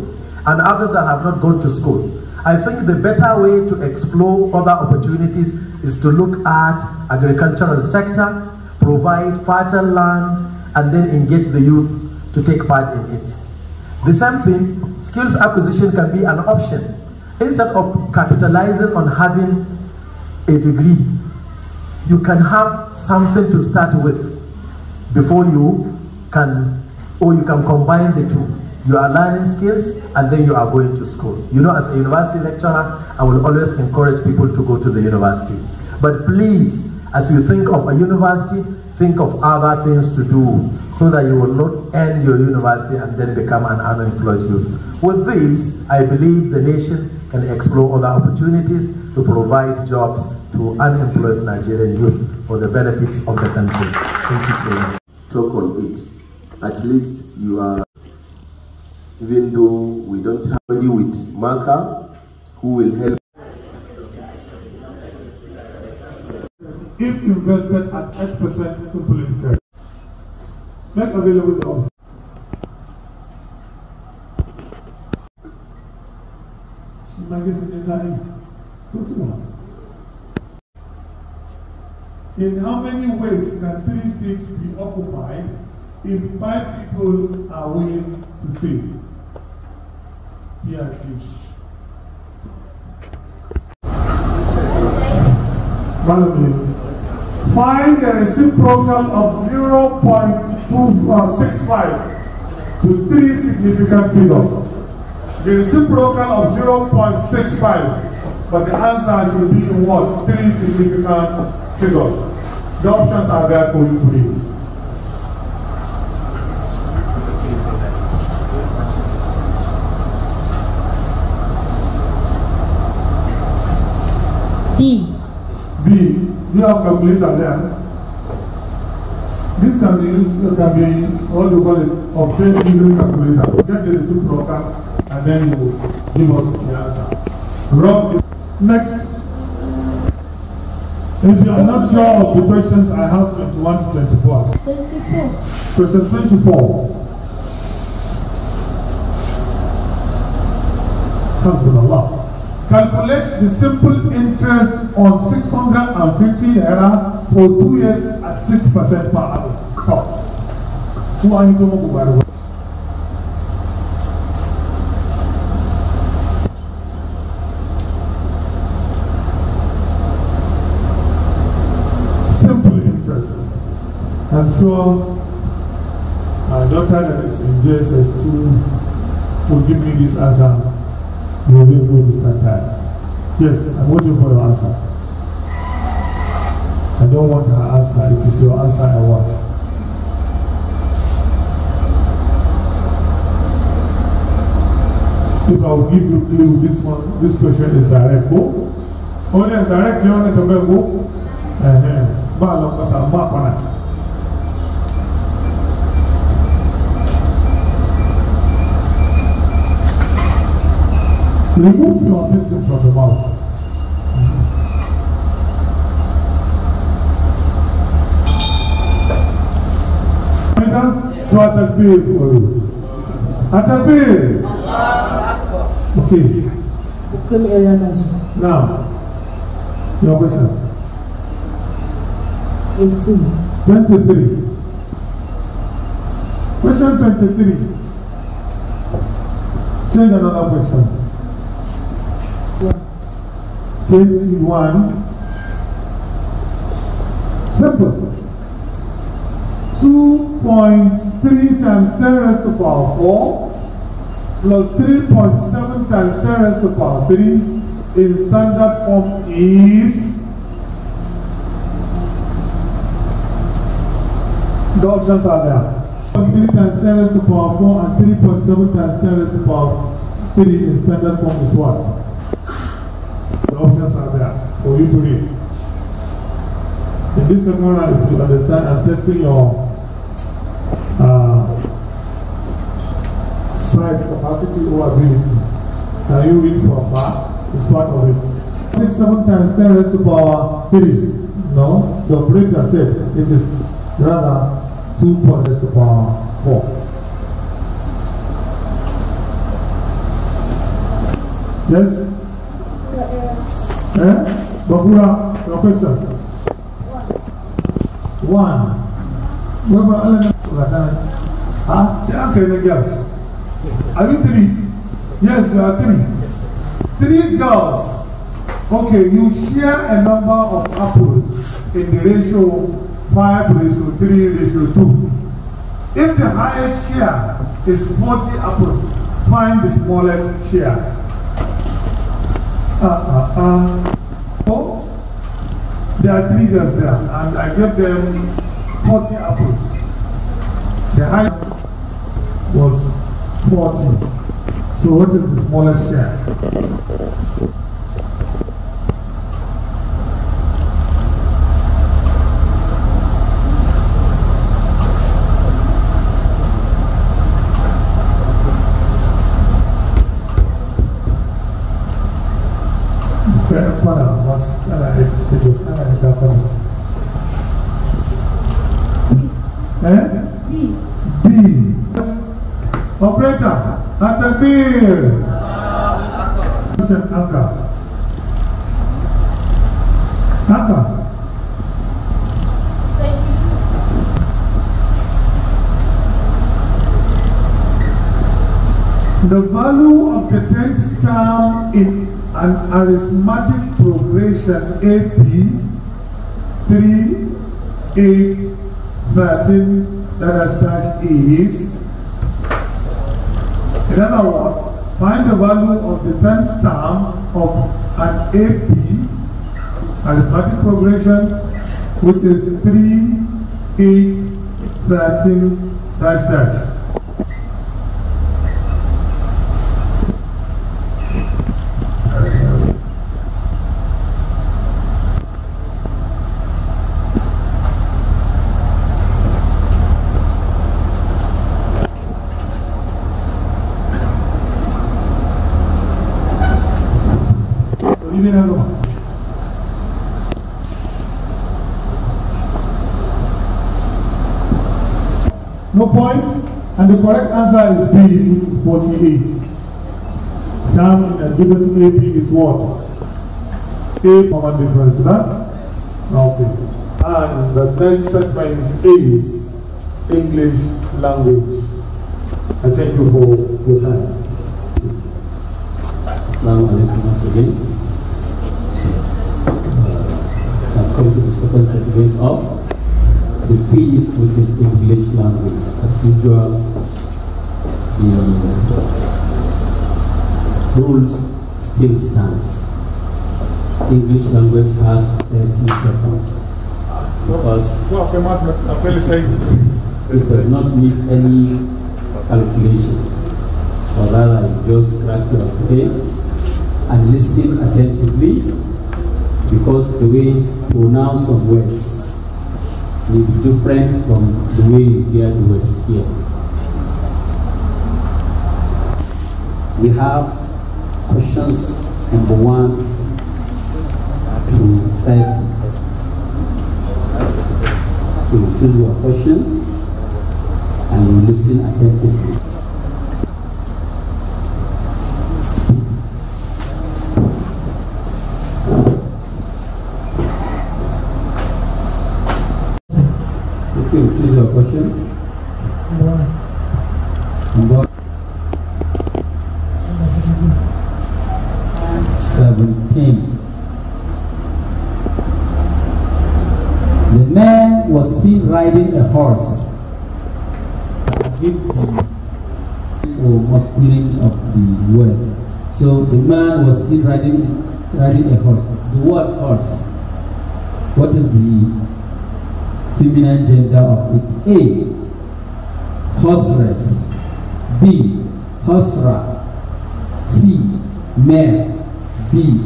and others that have not gone to school, I think the better way to explore other opportunities is to look at agricultural sector, provide fertile land, and then engage the youth to take part in it. The same thing, skills acquisition can be an option. Instead of capitalizing on having a degree, you can have something to start with before you can, or you can combine the two. You are learning skills and then you are going to school. You know, as a university lecturer, I will always encourage people to go to the university. But please, as you think of a university, Think of other things to do so that you will not end your university and then become an unemployed youth. With this, I believe the nation can explore other opportunities to provide jobs to unemployed Nigerian youth for the benefits of the country. Thank you so much. Talk on it. At least you are, even though we don't have anybody with marker who will help if invested at 8% simple interest, Make available the option. In how many ways can three seats be occupied if five people are willing to sit? Here it is. Follow find the reciprocal of 0.265 uh, to three significant figures. The reciprocal of 0.65, but the answer should be in what? Three significant figures. The options are there for you to read. B, do you have calculator there? This can be used, can be, what do you call it, obtained using calculator. Get the reciprocal and then you give us the answer. Wrong. Next. If you are not sure of the questions, I have 21 to 24. 24. Question 24. Hasbunallah calculate the simple interest on six hundred and fifty naira for two years at six percent per annum. Top. Who are you going to buy the Simple interest. I'm sure my daughter that is in JSS2 will give me this answer. We will need more this time. Yes, I'm waiting for your answer. I don't want her answer. It is your answer I want. if I will give you clue, this one, this question is direct. Go. Oh, yes, direct. You want to go? Uh-huh. Ba lo kasa ba pana. Remove your distance from the mouth. Mm -hmm. Sọ atakpee fọlọ. Atakpee. Okay. Now, your question. Twenty-three. Twenty-three. Question twenty-three. Change another question. 21. Simple. 2.3 times 10 raised to power 4 plus 3.7 times 10 raised to power 3 in standard form is the options are there. 3 times 10 raised to power 4 and 3.7 times 10 raised to power 3 in standard form is what? options are there for you to read. In this seminar, if you understand, I'm testing your uh, sight capacity or ability. Can you read from far? It's part of it. Six, seven times ten raised to power three. No, the operator said it is rather two point raised to power four. Yes? Eh? Bakura, your question. One. Whoever element of that time. Say, girls. Are you three? Yes, there are three. Three girls. Okay, you share a number of apples in the ratio 5 ratio 3 ratio 2. If the highest share is 40 apples, find the smallest share. Ah, ah, ah, ah. Oh, there are three girls there, and I gave them 40 apples. The high was 40. So what is the smallest share? Paranamaz elejéhez tudjuk, elejelte B. B. Operator, Atabir. Aka. Aka. The value of the tenth term in an arithmetic progression AP 3, 8, 13, that dash is. In other words, find the value of the 10th term of an AP, arithmetic progression, which is 3, 8, 13, dash dash. point, and the correct answer is B, which is 48. Term in a given AP is what? A common difference, that? Okay. And the next segment is English language. I thank you for your time. Assalamu alaikum once again. Uh, I've come to the second segment of the piece, which is English language. As usual, the uh, rules still stands. English language has 30 seconds. it does not need any calculation. Or rather, just crack your head and listen attentively because the way pronounce some words be different from the way you hear the words here. We have questions number one to 30. So you choose your question and you listen attentively. horse. Give the most meaning of the word. So the man was still riding riding a horse. The word horse. What is the feminine gender of it? A. Horseless. B. Horsera. C. Mare. D.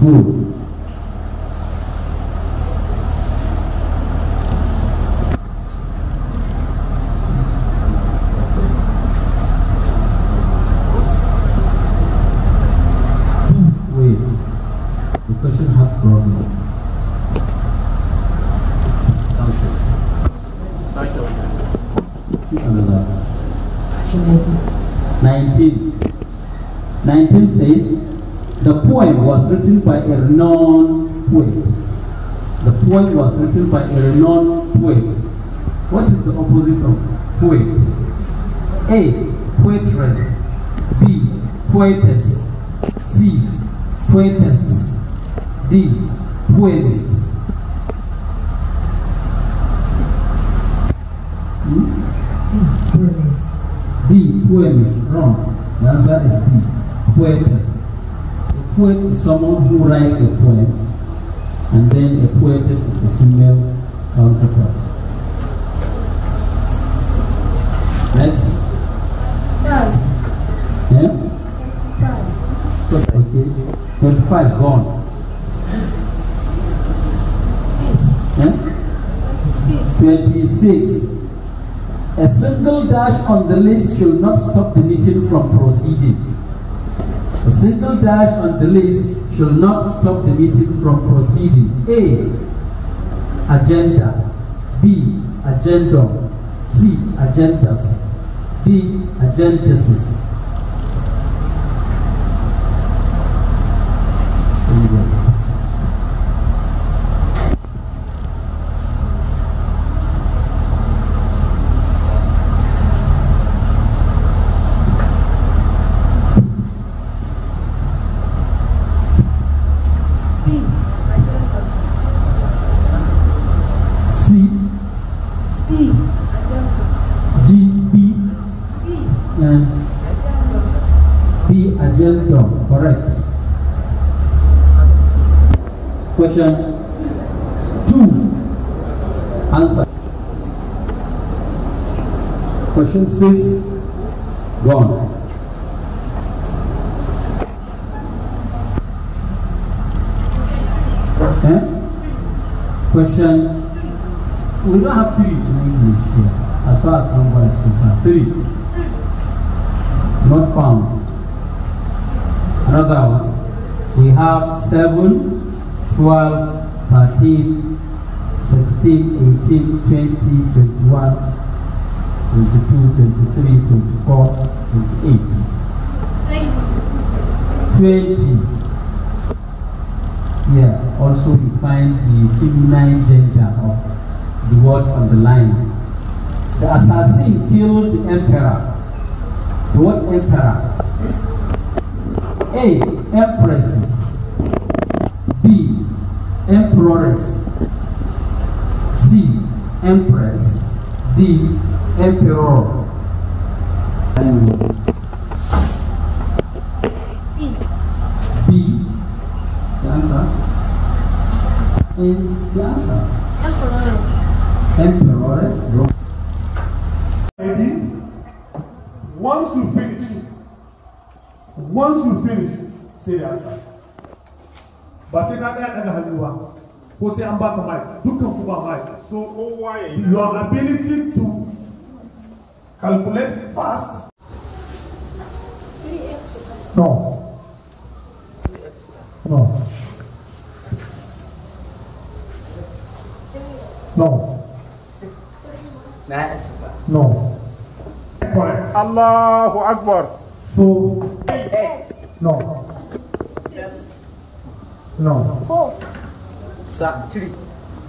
Bull. written by a renowned poet. The poem was written by a renowned poet. What is the opposite of poet? A. Poetress. B. Poetess. C. Poetess. D. Poetist. Hmm? D. Poemist. Wrong. The answer is B. Poetess. Poet is someone who writes a poem, and then a poetess is a female counterpart. Next. Five. Yeah? Five. Okay. 25 gone. Yeah? 26. A single dash on the list should not stop the meeting from proceeding. A single dash on the list shall not stop the meeting from proceeding. A. Agenda. B. Agenda. C. Agendas. D. Agenda's. 20, 21, 22, 23, 24, 20. yeah, also we find the feminine gender of the word underlined. The assassin killed the emperor. The word emperor. A. Empresses. B. Emperors. C. Empress D. Emperor. E. B. The answer. And the answer. Emperoress. Emperoress. Ready? Once you finish, once you finish, say the answer. Ba sai ka ɗaya daga hannuwa. ko sai an baka mic so oh, why? your ability to calculate fast no no no no correct Allahu Akbar so no no Four. Sir, three.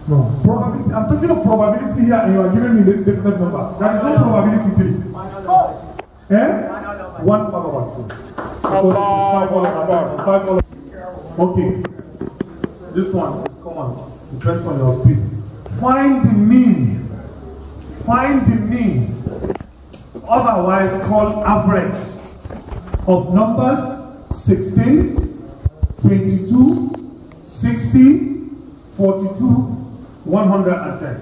No. Probability. I'm talking of probability here, and you are giving me the definite number. There is no probability three. Oh. Eh? One power Five Okay. This one is common. Depends on your speed. Find the mean. Find the mean, otherwise called average, of numbers 16, 22, 60, 42, 110.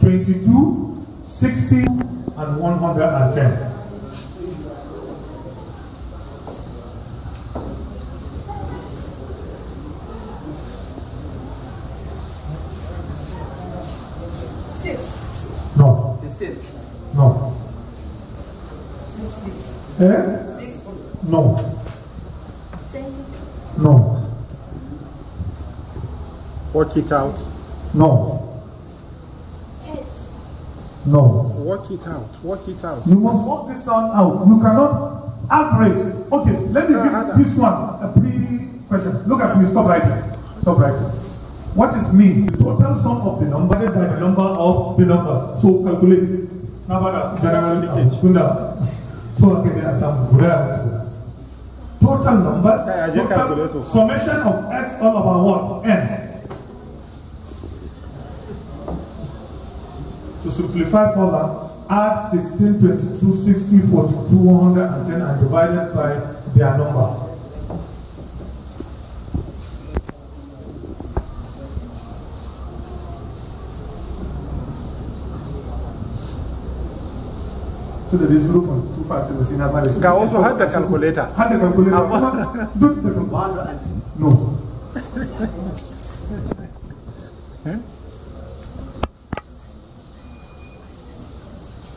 22, 60, and 110. Six. No. Sixteen. No. Sixteen. Eh? Six. No. work it out? No. No. Work it out. Work it out. You must work this one out. You cannot average. Okay, let me uh, give this one a pre question. Look at me. Stop writing. Stop writing. What is mean? total sum of the number by the number of the numbers. So calculate. How So okay, there are some Total numbers. Total summation of x all over what? N. To simplify further, add 16, 22, 60, 42, 110 and divided by their number. So the this group on also had the calculator had the calculator no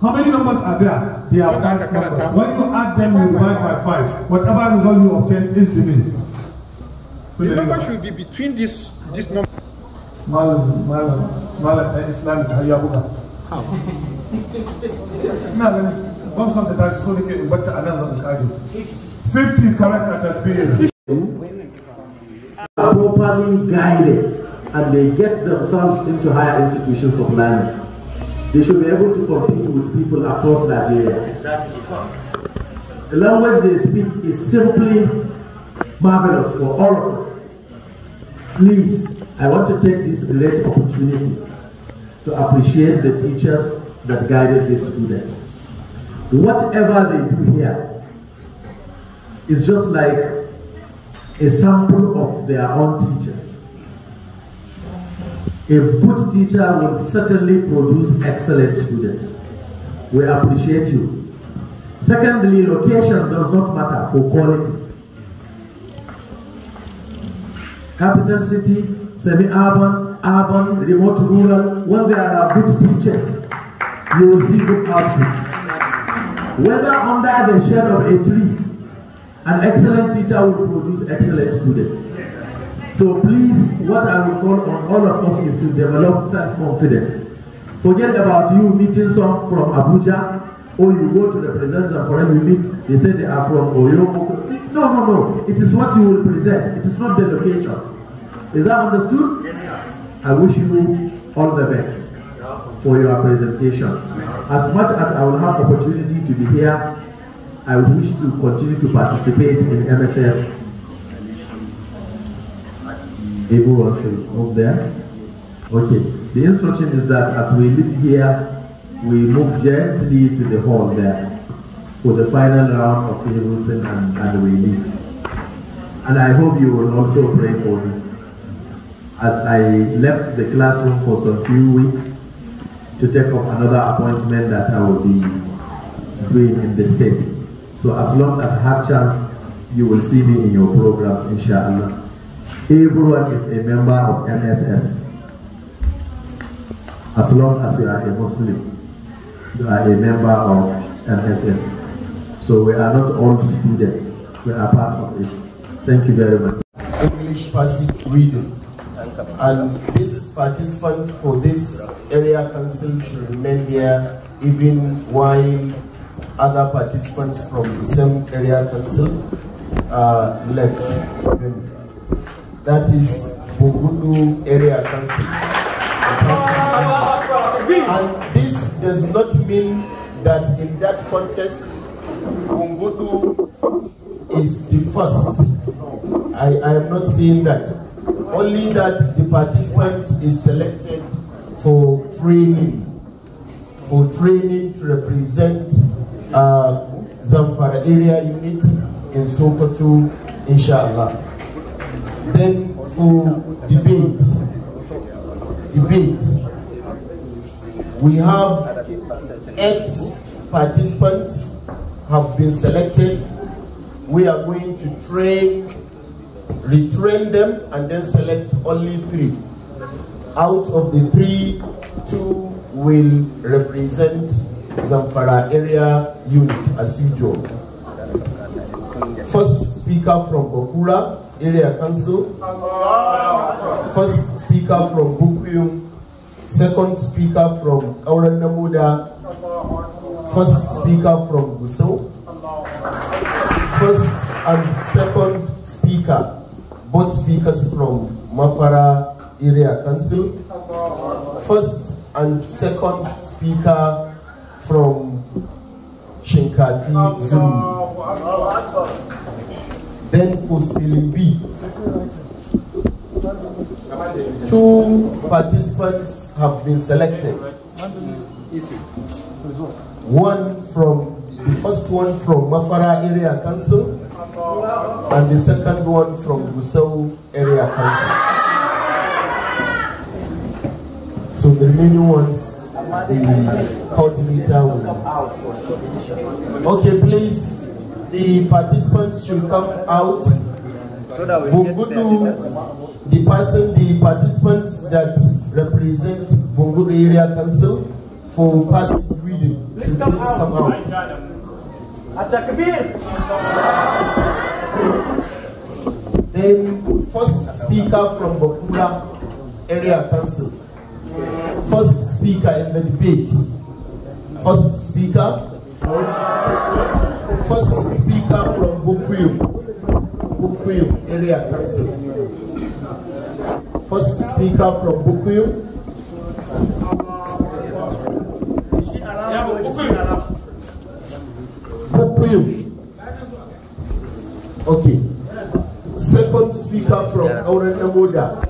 How many numbers are there? There are five numbers. When you add them, you divide by five. Whatever result you obtain is the mean. So the, numbers number should be between this this number. Malam, malam, malam, eh, Islamic, Ayabuka. Eh, How? No, once I the dice, so they can better another card. 50 character that Are properly guided and they get themselves into higher institutions of learning. They should be able to compete with people across Nigeria. Exactly. The language they speak is simply marvelous for all of us. Please, I want to take this great opportunity to appreciate the teachers that guided these students. Whatever they do here is just like a sample of their own teachers. A good teacher will certainly produce excellent students. We appreciate you. Secondly, location does not matter for quality. Capital city, semi-urban, urban, remote rural, when there are good teachers, you will see good output. Whether under the shade of a tree, an excellent teacher will produce excellent students. So please, what I will call on all of us is to develop self-confidence. Forget about you meeting some from Abuja, or oh, you go to the them for you meet, they say they are from Oyo. No, no, no. It is what you will present. It is not the location. Is that understood? Yes, sir. I wish you all the best for your presentation. As much as I will have opportunity to be here, I wish to continue to participate in MSS Abel Russell move there. Okay. The instruction is that as we leave here, we move gently to the hall there for the final round of evolution and, and release. And I hope you will also pray for me. As I left the classroom for some few weeks to take up another appointment that I will be doing in the state. So as long as I have chance, you will see me in your programs, inshallah. Everyone is a member of MSS. As long as you are a Muslim, you are a member of MSS. So we are not all students, we are part of it. Thank you very much. English passive reading. And this participant for this area council should remain here even while other participants from the same area council uh, left that is Bungundu Area Council. And this does not mean that in that context, Bungundu is the first. I, I am not saying that. Only that the participant is selected for training, for training to represent uh, Zamfara area unit in Sokoto, inshallah. Then for debates, debates, we have eight participants have been selected. We are going to train, retrain them, and then select only three. Out of the three, two will represent Zamfara area unit as usual. First speaker from Bakura, Area Council. First speaker from Bukuyum. Second speaker from Auran Namuda. First speaker from Gusau. First and second speaker, both speakers from Mapara Area Council. First and second speaker from Shinkafi Zulu then for spelling B. Two participants have been selected. One from the first one from Mafara Area Council and the second one from Gusau Area Council. So the remaining ones the coordinator will. Okay, please the participants should come out. Bungudu, the person, the participants that represent Bungudu Area Council for passage reading. Please come, please come out. Then first speaker from Bokura Area Council. First speaker in the debate. First speaker First speaker from Bukuyu, Bukuyu Area Council. First speaker from Bukuyu. Bukuyu. Okay. Second speaker from Aurenamoda.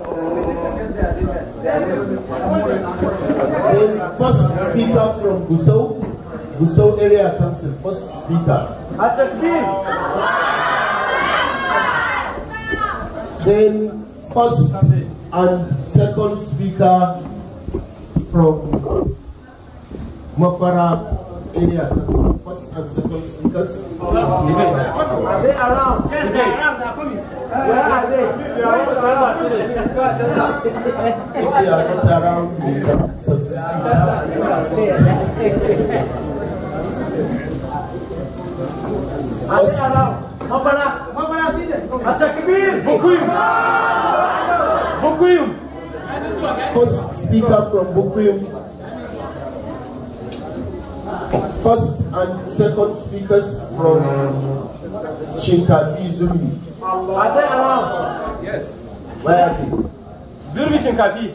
Then first speaker from Gusau. Gusau Area Council, first speaker. Then first and second speaker from Mafara area council, first and second speakers. Are they around? Yes, they are around. They are coming. Where are they? They are not around. If they are not around, they can substitute. ربنا ربنا يا سيدي التكبير بقيم بقيم First speaker from Bukuyum. First and second speakers from Chinkapi Zumi. Are they around? Yes. Where are they? Zumi Chinkapi.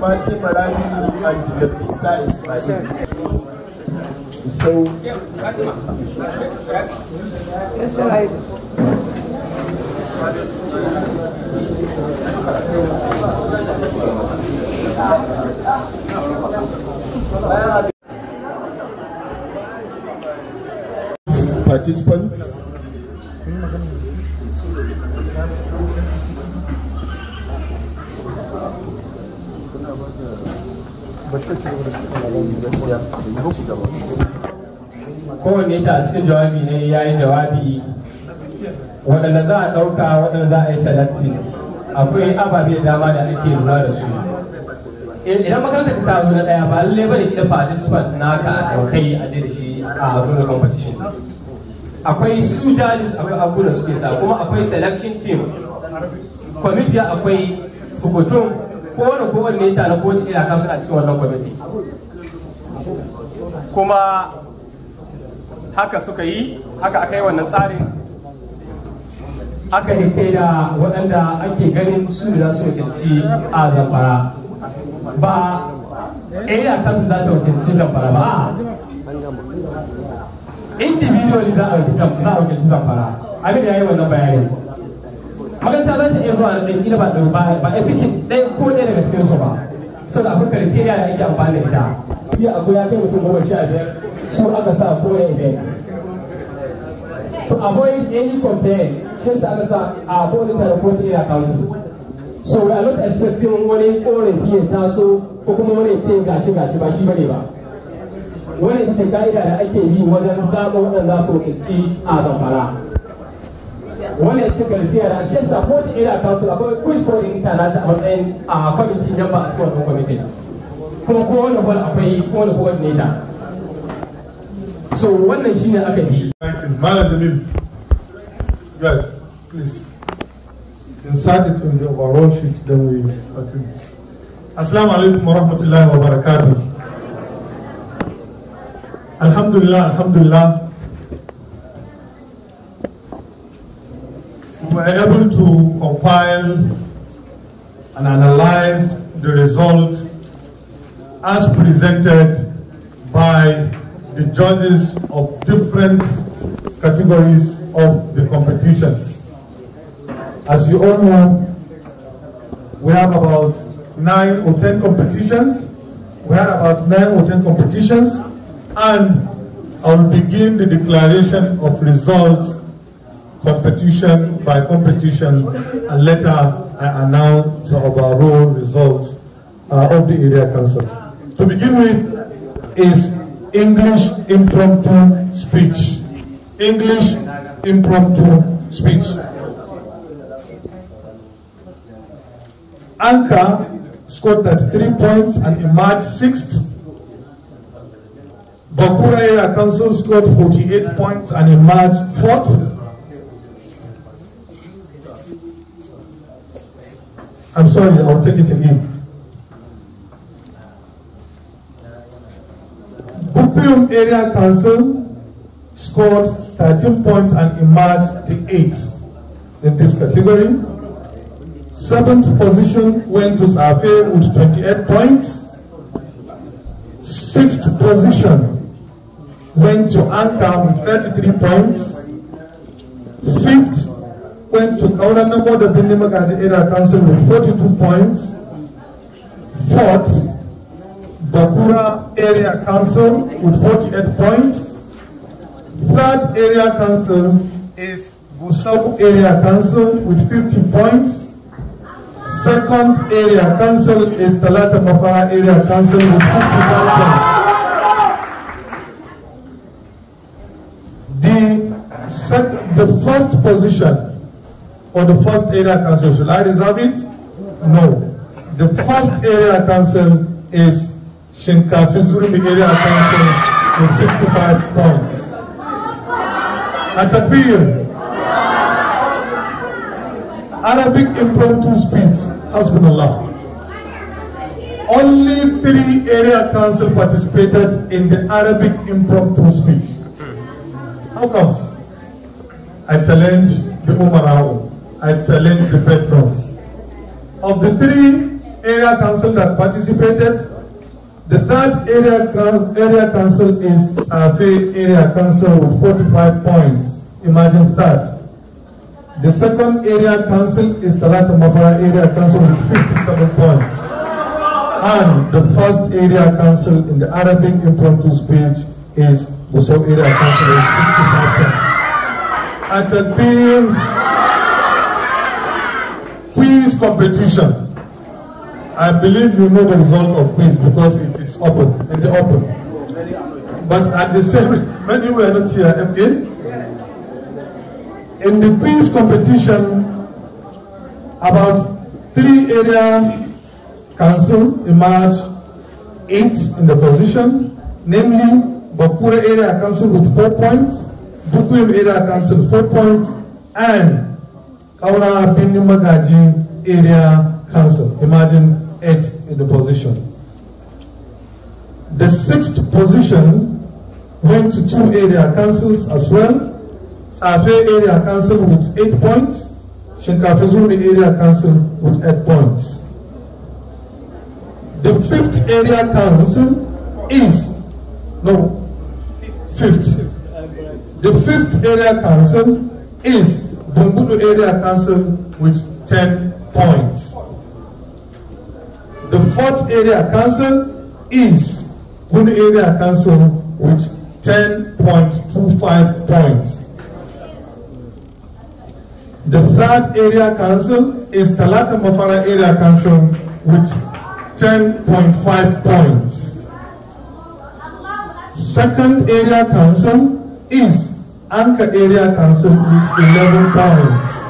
Fati Marabizu and Nafisa Ismail. é yes, right. participantes. kowanne ta a cikin jawabi ne ya yi jawabi waɗanda za a ɗauka waɗanda za a yi salati akwai ababe dama da ake lura da su eh, idan makarantar ta zo na ɗaya ba lalle ba ne idan participant na a ɗaukai a je da shi a zuwa competition akwai su judges akwai abubuwan suke sa kuma akwai selection team kwamitiya akwai fukutun kowane ne ya tare kowace ina kafin a cikin wannan kwamiti kuma haka suka yi haka aka yi wannan tsarin aka yi da waɗanda ake ganin su da su wakilci a zamfara ba area ta su za ta wakilci zamfara ba individual za a wakilci zamfara abin da ya yi wannan bayanin makaranta za ta iya zuwa da ɗan ba ɗan ba ba a fikin ɗaya ko ɗaya daga cikin su ba saboda akwai kriteriya da ake amfani da ita jiya abu ya kai mutum goma sha biyar su aka sa ko ya to avoid any complaint shi sa aka sa a board ta report area council so we are not expecting wani korafi ya taso ko kuma wani ce gashi gashi ba shi bane ba wani ce ka'ida da ake yi wajen zaɓa waɗanda su ci a zamfara wannan ci gajiyar a shi yasa ko ci ina kansu akwai kuskure in ta matsayin a kwamitin ba a cikin wannan kwamitin kuma ko wani kwal akwai ko wani kwal ne ta so wannan ne aka bi malam jamil guys please insert it in the overall sheet we assalamu alaikum wa rahmatullahi wa barakatuh alhamdulillah alhamdulillah were able to compile and analyze the result as presented by the judges of different categories of the competitions. As you all know, we have about nine or ten competitions. We had about nine or ten competitions, and I will begin the declaration of results competition by competition and later I announce our overall results uh, of the area councils. To begin with is English impromptu speech. English impromptu speech. Anchor scored 33 points and emerged sixth. Bakura Area Council scored 48 points and emerged fourth. I'm sorry, I'll take it again. Bupium Area Council scored 13 points and emerged the eighth in this category. Seventh position went to Safe with 28 points. Sixth position went to Anka with 33 points. Fifth went to Kaura Namo the Bindi Area Council with 42 points. Fourth, Bakura Area Council with 48 points. Third Area Council is Busabu Area Council with 50 points. Second Area Council is Talata Mafara Area Council with 51 points. the first position for the first area council. Should I reserve it? No. The first area council is Shinkafizurumi area council with 65 points. Atakbir. Arabic impromptu speech. allowed. Only three area council participated in the Arabic impromptu speech. How comes? I challenge the Umarahu. I challenge the patrons. Of the three area council that participated, the third area, area council is Safi Area Council with 45 points. Imagine that. The second area council is the Mafara Area Council with 57 points. And the first area council in the Arabic impromptu speech is Buso Area Council with 65 points. At the quiz competition. I believe you know the result of quiz because it is open, in the open. But at the same, many were not here, okay? In the quiz competition, about three area council emerged eight in the position, namely Bakura Area Council with four points, Bukuim Area Council four points, and Kaura Magaji Area Council. Imagine eight in the position. The sixth position went to two area councils as well. Safe Area Council with eight points, Shinkafezuni Area Council with eight points. The fifth area council is, no, fifth. The fifth area council is Bungudu Area Council with 10 points. The fourth area council is Bungudu Area Council with 10.25 points. The third area council is Talata Mafara Area Council with 10.5 points. Second area council is Anchor area council with 11 points.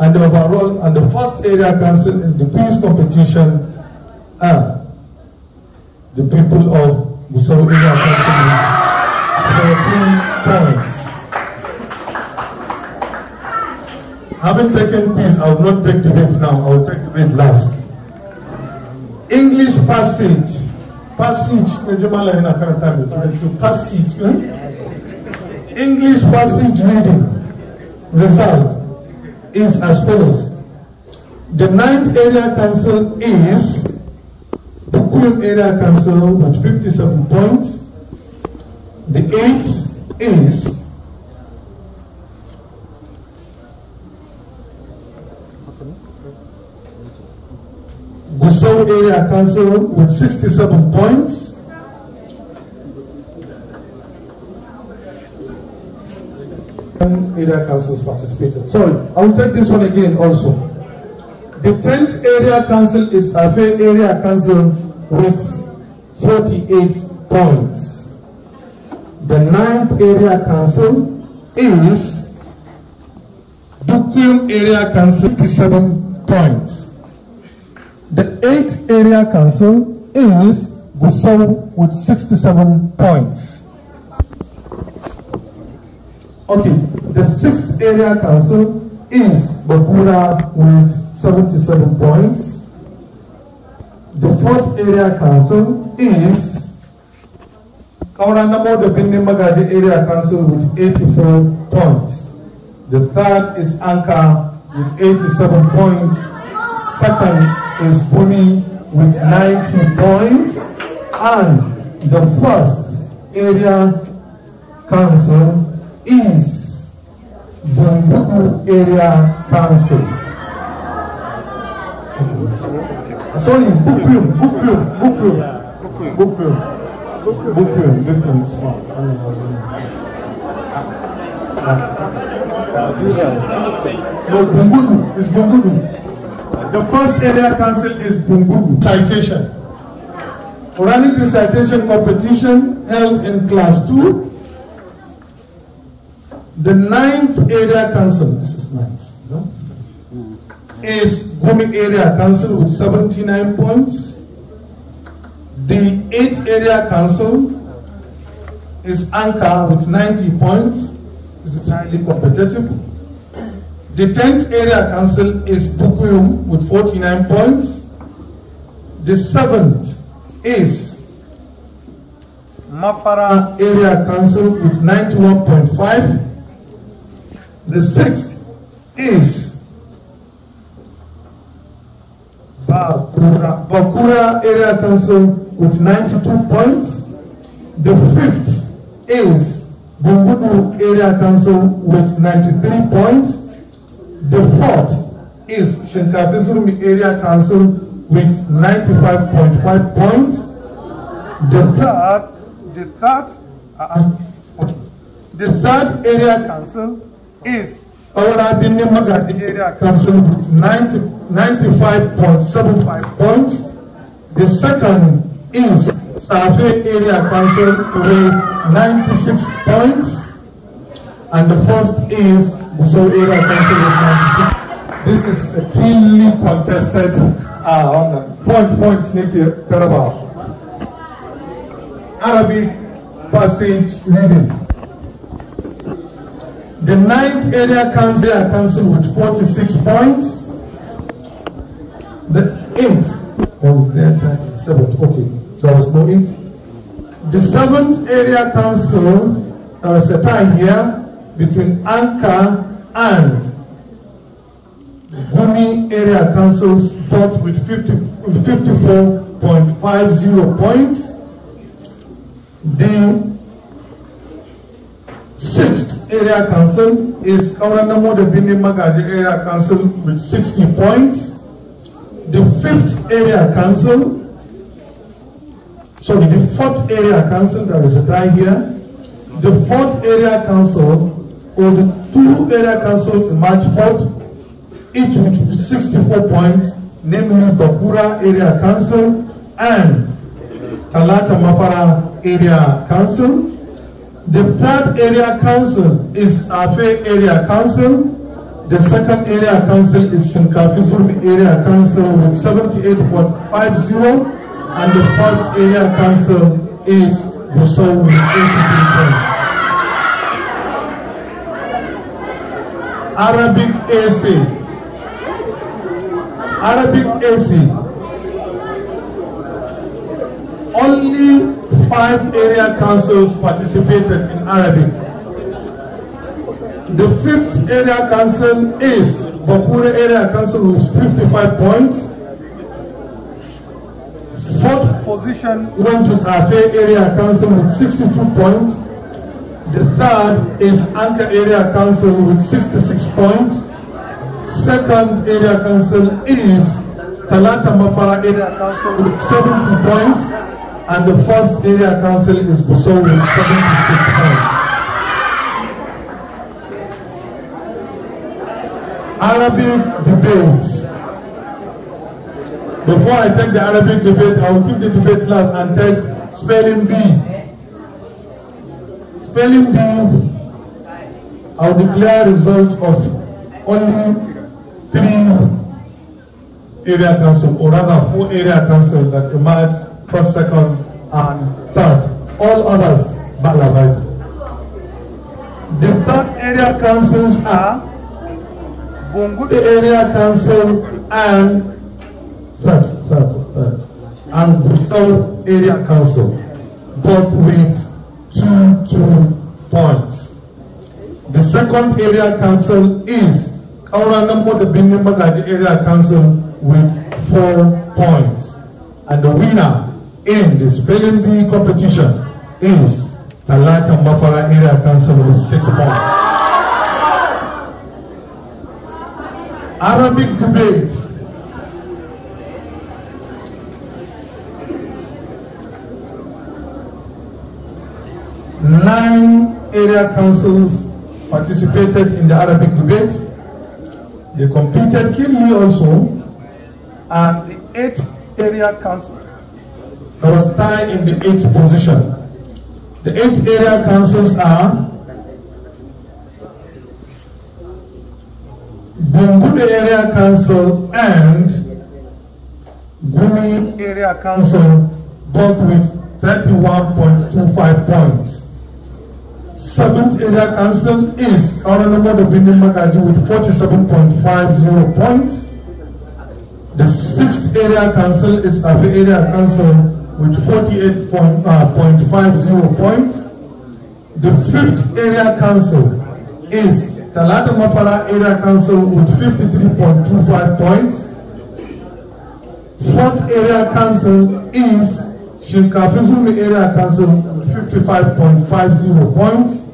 And the overall, and the first area council in the quiz competition are the people of Musau area council with 14 points. Having taken peace, I will not take debate now, I will take debate last. English passage, passage, passage, passage, English passage reading result is as follows. The ninth area council is the Queen area council with 57 points. The eighth is Gusau area council with 67 points. area councils participated. Sorry, I will take this one again also. The 10th area council is a fair area council with 48 points. The 9th area council is Dukum area council 57 points. The 8th area council is Gusau with 67 points. Okay, the sixth area council is Bakura with 77 points. The fourth area council is Kauranamo the Bindi Magaji area council with 84 points. The third is Anka with 87 points. Second is Bumi with 90 points. And the first area council is Bunduku Area Council. Sorry, Bukrim, Bukrim, Bukrim, Bukrim, Bukrim, Bukrim, No, Bungudu is Bungudu. The first area council is Bungudu. Citation. Quranic recitation competition held in class 2 the ninth area council, this is ninth, no? is Gumi Area Council with 79 points. The eighth area council is Anka with 90 points. This is highly competitive. The 10th area council is Bukuyum with 49 points. The 7th is Mapara area council with 91.5. The sixth is Bakura, Bakura Area Council with 92 points. The fifth is Bungudu Area Council with 93 points. The fourth is Shinkafizurumi Area Council with 95.5 points. The third, the third, uh, uh the third area council is Olabide Magadi comes with 95.75 points. The second is Safi Area Council with 96 points. And the first is Buso Area Council with 96 this is a keenly contested uh, point point sneaky terrible Arabic passage reading. The ninth area council, area cancel with 46 points. The eighth was there time. Seventh, okay. There was no eight. The seventh area council, uh, there was a tie here between Anka and Gumi area councils taught with 50, 54.50 points. The Sixth area council is Kauranamo Debini Magaji area council with 60 points. The fifth area council, sorry, the fourth area council, there is a tie here. The fourth area council or the two area councils in March 4th, each with 64 points, namely Bakura Area Council and Talata Mafara Area Council. The third area council is Afe Area Council. The second area council is Shinkafizurbi Area Council with 78.50 and the first area council is Busau with 83 points. Arabic AC. Arabic AC. Only five area councils participated in Arabic. The fifth area council is Bakura Area Council with 55 points. Fourth position went to Safe Area Council with 62 points. The third is Anchor Area Council with 66 points. Second area council is Talata Mafara Area Council with 70 points. and the first area council is Busau with 76 points. Arabic debates. Before I take the Arabic debate, I will keep the debate last and take spelling B. Spelling B. I will declare result of only three area council, or rather four area council that emerged first, second, and third. All others, Balabai. The third area councils are Bungudu Area Council and third, third, third, and Bristol Area Council, both with two, two points. The second area council is Kauranambo the Binimagaji Area Council with four points. And the winner in the spelling bee competition is Talata Mafara Area Council with six points. Arabic debate. Nine area councils participated in the Arabic debate. They competed keenly also, and the eighth area council was tied in the eighth position. The eight area councils are Bungudu Area Council and Gumi Area Council, both with 31.25 points. Seventh Area Council is Honorable Dobini Magaji with 47.50 points. The sixth Area Council is Afi Area Council with 48.50 uh, points. The fifth area council is Talata Mapara Area Council with 53.25 points. Fourth Area Council is Shinkafizumi Area Council with 55.50 points.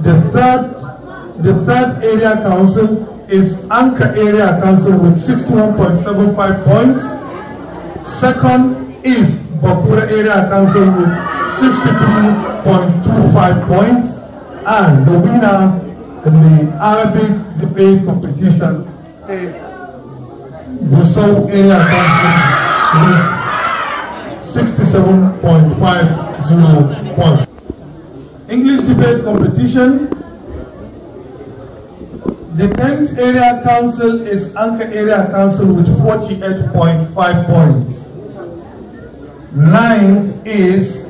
The third, the third area council is Anchor Area Council with 61.75 points. Second is Bakura Area Council with 63.25 points. And the winner in the Arabic debate competition is Gusau Area Council with 67.50 points. English debate competition. The 10th Area Council is Anchor Area Council with 48.5 points. Ninth is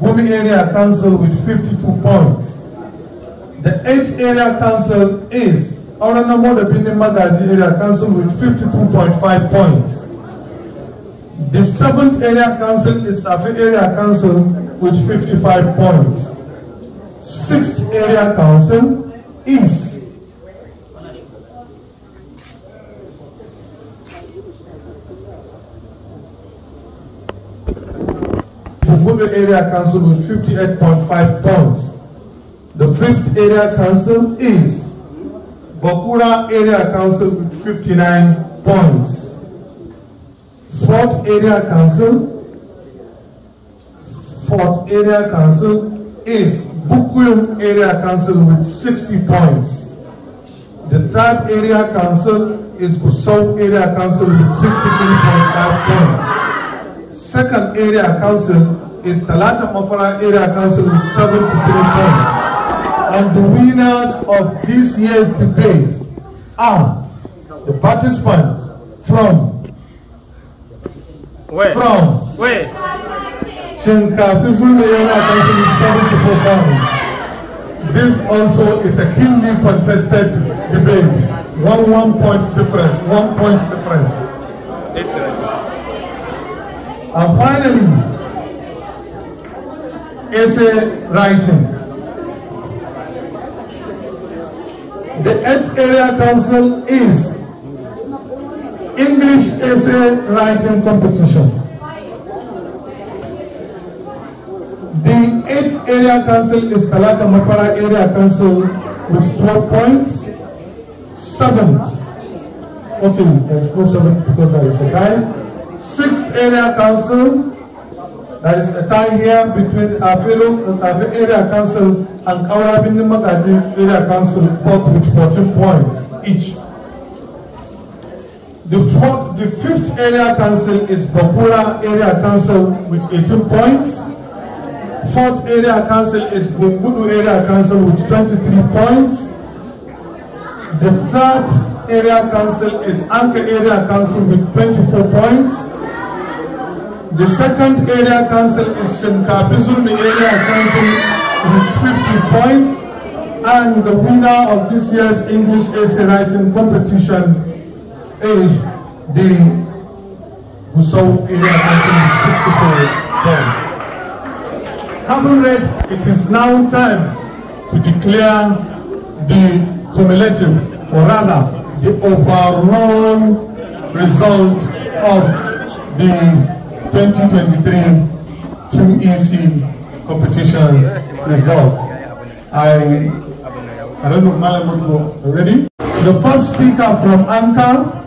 Gumi Area Council with 52 points. The eighth area council is Auranamo Debini Magaji Area Council with 52.5 points. The seventh area council is Afi Area Council with 55 points. Sixth area council is Mumbwe Area Council with 58.5 points. The fifth area council is Bukura Area Council with 59 points. Fourth area council, fourth area council is Bukuyum Area Council with 60 points. The third area council is Gusau Area Council with 63.5 points. Second area council is Talata Mopara Area Council with 73 points. And the winners of this year's debate are the participants from Where? from Where? Shinka Fizulme Area Council with 74 points. This also is a keenly contested debate. One one point difference, one point difference. And finally, essay writing. The eighth area council is English essay writing competition. The eighth area council is Kalata Mapara area council with 12 points. Seventh. Okay, there's no seven. seventh because there is a tie. Sixth area council There is a tie here between Avelo and Ave Area Council and Kaurabin Makaji Area Council, both with 14 points each. The, fourth, the fifth area council is Bakura Area Council with 18 points. Fourth area council is Bungudu Area Council with 23 points. The third area council is Anka Area Council with 24 points. The second area council is Shinkapizun, the area council with 50 points. And the winner of this year's English essay writing competition is the Busau area council with 64 points. Having read, it is now time to declare the cumulative, or rather, the overall result of the 2023 QEC e competitions result. I, I don't know, Malam ready? The first speaker from Anka.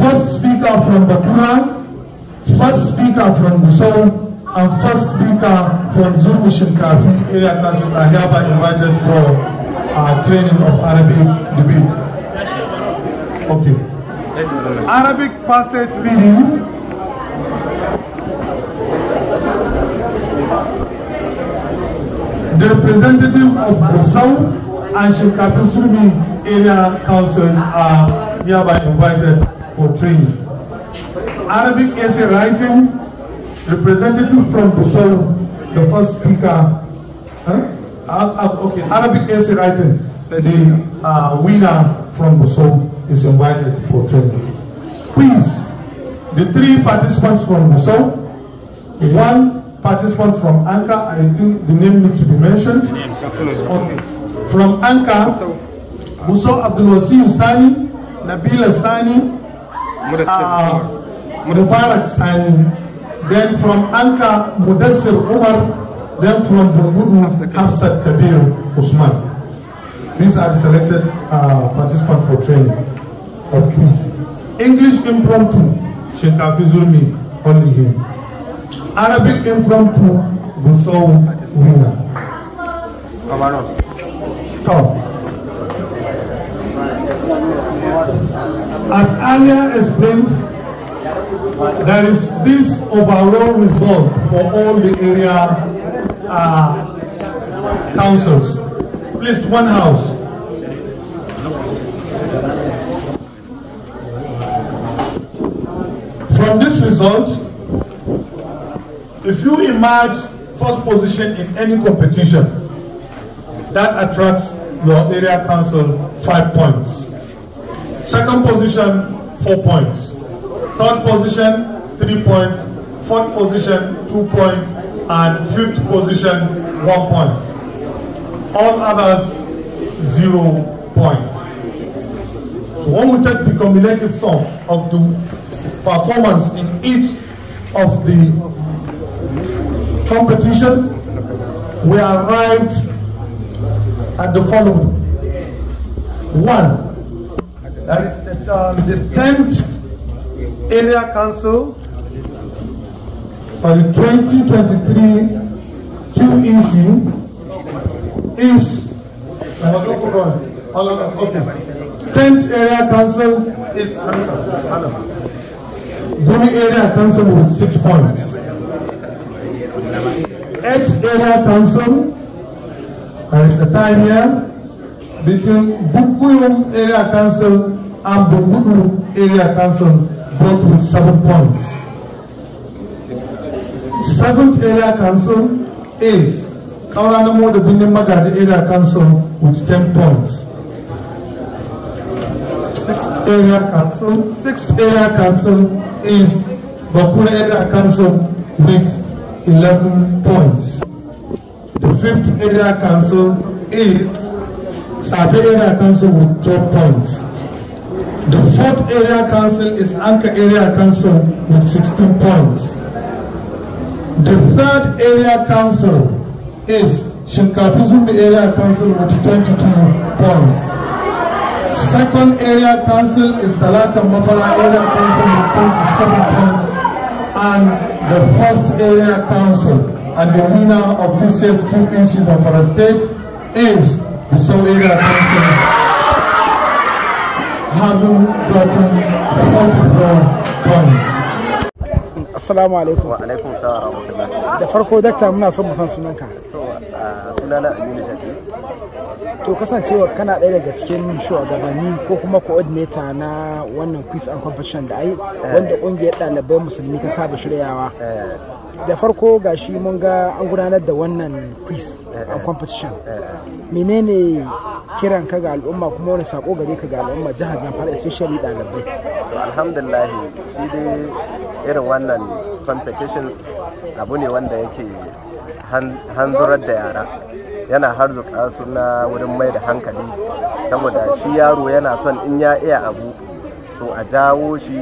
first speaker from Bakura, first speaker from Gusau, and first speaker from Zulu Shinkafi area classes are hereby invited for uh, training of Arabic debate. Okay. Arabic passage reading. The representative of Osau and Shikatu Surumi area councils are hereby invited for training. Arabic essay writing, representative from Busau, the first speaker. Huh? Uh, okay, Arabic essay writing, the uh, winner from Busau is invited for training. Please. the three participants from the one participant from Anka, I think the name needs to be mentioned. From Anka, Musa Abdulwasi Sani, Nabila Sani, uh, Mubarak Sani. Then from Anka, Mudassir Umar. Then from Bungudu, Hafsat Kabir Usman. These are the selected uh, participants for training of peace. English impromptu. Shintafizul me only him. Arabic came from to Gusau Wina. Come. As earlier explained, there is this overall result for all the area uh, councils. Please, one house. From this result, if you emerge first position in any competition, that attracts your area council five points. Second position, four points. Third position, three points. Fourth position, two points. And fifth position, one point. All others, zero point. So when we take the cumulative sum of the performance in each of the competition, we arrived at the following. One, that is the, um, 10th Area Council for the 2023 QEC is, okay, 10th Area Council is, um, Gumi Area Council with six points. Eighth Area Council, there is a tie here between Bukuyum Area Council and Bungudu Area Council, both with seven points. Seventh Area Council is Kauranamo the Binding Area Council with ten points. Sixth Area Council, Sixth Area is Bakura Area Council with 11 points. The fifth area council is Sabe Area Council with 12 points. The fourth area council is Anka Area Council with 16 points. The third area council is Shinkapizumbi Area Council with 22 points. Second area council is Talata Mafala area council with 27 points and the first area council and the winner of this year's cooking season for the state is the Seoul area council having gotten 44 points. Assalamu alaikum. Wa alaikum salam Da farko dakta muna son mu san sunanka. to kasancewa kana ɗaya daga cikin shugabanni ko kuma coordinator na wannan quiz and competition da ai eh. wanda ƙungiyar ɗalibai musulmi ta saba shiryawa eh. da farko gashi mun ga an gudanar da wannan quiz eh, and competition menene kiran ka ga al'umma kuma wani sako gare ka ga al'umma jihar zamfara especially ɗalibai alhamdulillah shi dai irin wannan competitions abu ne wanda yake hanzurar da yara yana harzuka su na wurin mai da hankali saboda shi yaro yana son in ya iya abu to a jawo shi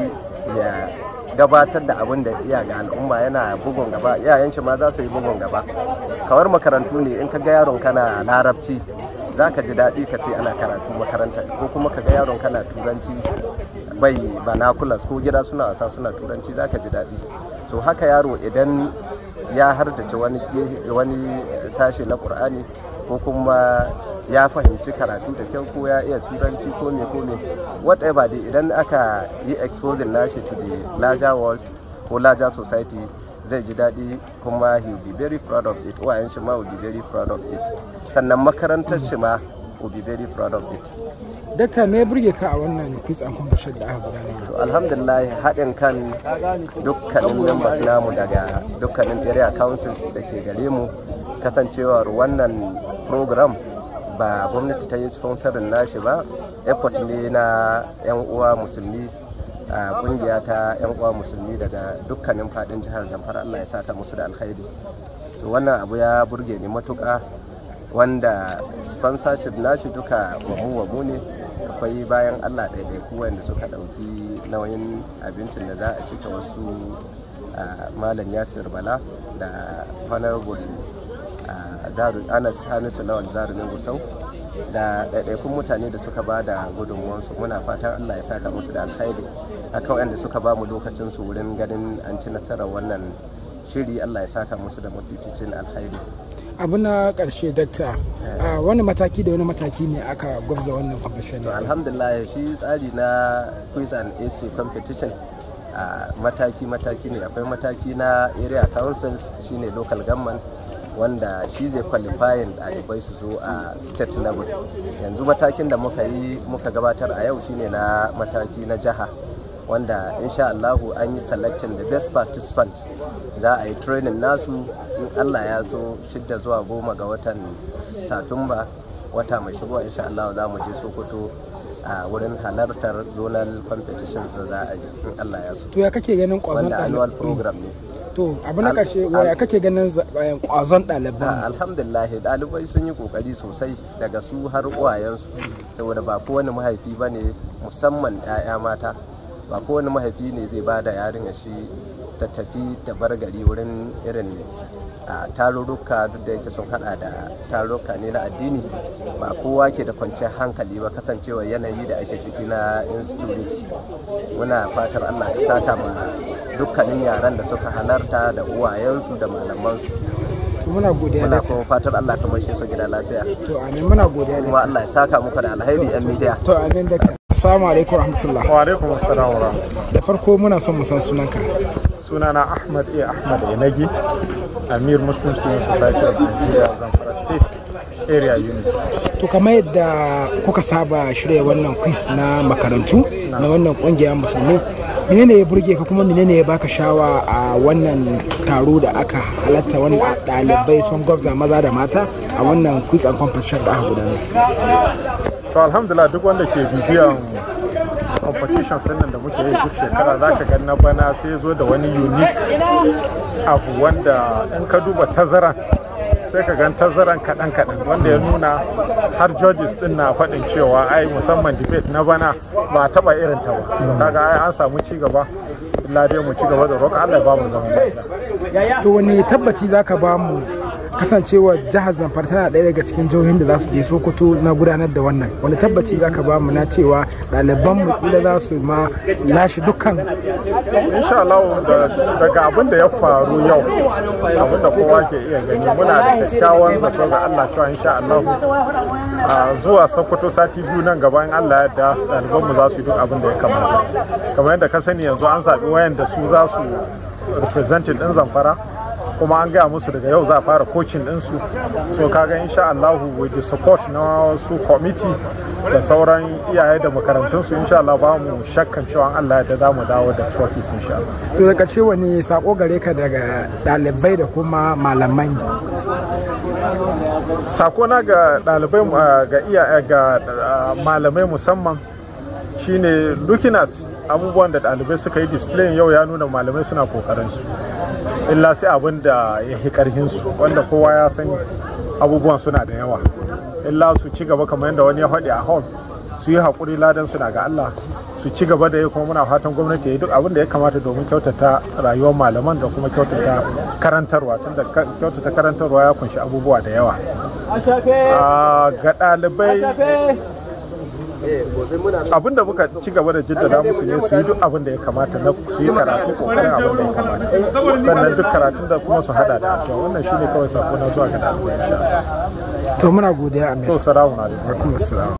ya gabatar da abin da iya ga al'umma yana bugun gaba iyayen shi ma za su yi bugun gaba kawar makarantu ne in ka ga yaron kana larabci za ka ji daɗi ka ce ana karatu makaranta ko kuma ka ga yaron kana turanci bai banakulas ko gida suna wasa suna turanci za ka ji daɗi to haka yaro idan ya hardace wani sashe na ƙur'ani ko kuma ya fahimci karatu da kyau ko ya iya turanci ko me ko me whatever dai idan aka yi exposing nashi to the larger world ko larger society zai ji daɗi kuma he will be very proud of it Wa shi ma will be very proud of it sannan makarantar shi ma will be very proud of it. Data me burge ka a wannan quiz and da aka gudanar. To alhamdulillah haɗin kan dukkanin members namu daga dukkanin area councils da ke gare mu kasancewar wannan program ba gwamnati ta yi sponsorin nashi ba effort ne na 'yan uwa musulmi a kungiya ta 'yan uwa musulmi daga dukkanin fadin jihar zamfara allah ya sa ta musu da alkhairi to wannan abu ya burge ni matuka. wanda sponsorship nashi duka wamu-wamu ne akwai bayan allah ɗaiɗaiku wanda suka ɗauki nauyin abincin da za a cika wasu malam yasir bala da honorable anas hamisu lawal ne gusau da ɗaiɗaikun mutane da suka ba da gudunmuwansu muna fatan allah ya saka musu da alkhairi akan wanda suka ba mu lokacinsu wurin ganin an ci nasarar wannan shiri Allah ya saka musu da mafificin alkhairi abu na karshe dakta eh. a wani mataki da wani mataki ne aka gwabza wannan competition to alhamdulillah shi tsari na quiz and essay competition a mataki mataki ne akwai mataki na area councils shine local government wanda shi zai qualifying ɗalibai su zo a state level yanzu matakin da muka yi muka gabatar a yau shine na mataki na jiha wanda insha Allahu an yi selection the best participant za a yi training nasu in Allah ya so shidda zuwa goma ga watan Satumba wata mai shigo insha Allah za mu je Sokoto a wurin halartar zonal competitions da za a yi in Allah ya so to ya kake ganin kwazon ɗaliban annual program ne to abu na karshe waya kake ganin eh, kwazon ɗaliban alhamdulillah ɗalibai sun yi kokari sosai daga su har uwayensu saboda ba kowane mahaifi bane musamman 'ya'ya mata ba kowane mahaifi ne zai ba da yarin shi ta tafi ta bar gari wurin irin A tarurruka duk da yake sun hada da tarurruka ne na addini ba kowa ke da kwanciyar hankali ba kasancewa yanayi da ake ciki na insecurity muna fatar allah ya saka ma dukkanin yaran da suka halarta da uwayensu da malamansu muna godiya da kuma fatar Allah ka mashi su gida lafiya to amin muna godiya da kuma Allah ya saka muku da alheri yan media to amin da Assalamu alaikum rahmatullah. Wa alaikum assalam wa Da farko muna son mu san sunanka. Sunana Ahmad A. Ahmad Enagi, Amir Muslim Student Society of Nigeria, Zamfara State. area units to kamar yadda kuka saba shirya wannan quiz na makarantu na wannan kungiya musulmi menene ya burge ka kuma menene ya baka shawa a wannan taro da aka halatta wanda dalibai sun gwabza maza da mata a wannan quiz and competition da aka gudanar to alhamdulillah duk wanda ke bibiyan competitions din da muke yi duk shekara za ka na bana sai zo da wani unique abu wanda in ka duba tazara sai ka gan tazaran kaɗan kaɗan wanda ya nuna har judges din na faɗin cewa ai musamman debate na bana ba a taɓa irin ta ba kaga ai an samu ci gaba illa dai mu ci gaba da roƙa Allah ya ba mu zaman to wani tabbaci zaka ba mu kasancewa jihar zamfara tana ɗaya daga cikin jihohin da za su je sokoto na gudanar da wannan wani tabbaci za ka ba mu na cewa ɗaliban mu kila za su ma lashe dukkan insha Allah daga abin da ya faru yau abin da kowa ke iya gani muna da kyakkyawan zato ga Allah cewa insha Allah zuwa sokoto sati biyu nan gaba in Allah yadda ɗaliban mu za su yi duk abin da ya kamata kamar yadda ka sani yanzu an zaɓi wayan da su za su represented ɗin zamfara kuma an gaya musu daga yau za a fara coaching dinsu so kaga insha Allah with the support na su committee da sauran iyaye da makarantunsu insha Allah ba mu shakkan cewa Allah da za mu dawo da trophies insha Allah to da ƙarshe wani sako gare ka daga ɗalibai da kuma malamai sako na ga ɗalibai ah, ga iya eh, ga ah, malamai musamman shine looking at abubuwan da ɗalibai suka yi display yau ya nuna malamai suna kokarin su illa sai abin da ya yi karhin su wanda kowa ya san abubuwan suna da yawa illa su ci gaba kamar yadda wani ya faɗi a hall su yi haƙuri ladan suna ga Allah su ci gaba da yi kuma muna fatan gwamnati ya yi duk abin da ya kamata domin kyautata rayuwar malaman da kuma kyautata karantarwa tunda kyautata karantarwa ya kunshi abubuwa da yawa ah, ga ɗalibai abin da muka ci gaba da jaddada musu ne su yi duk abin da ya kamata na su yi karatu kuma abin da ya kamata sannan duk karatun da kuma su hada da addu'a wannan shine kawai sako na zuwa ga da ya Allah to muna godiya amin to salamu alaikum wa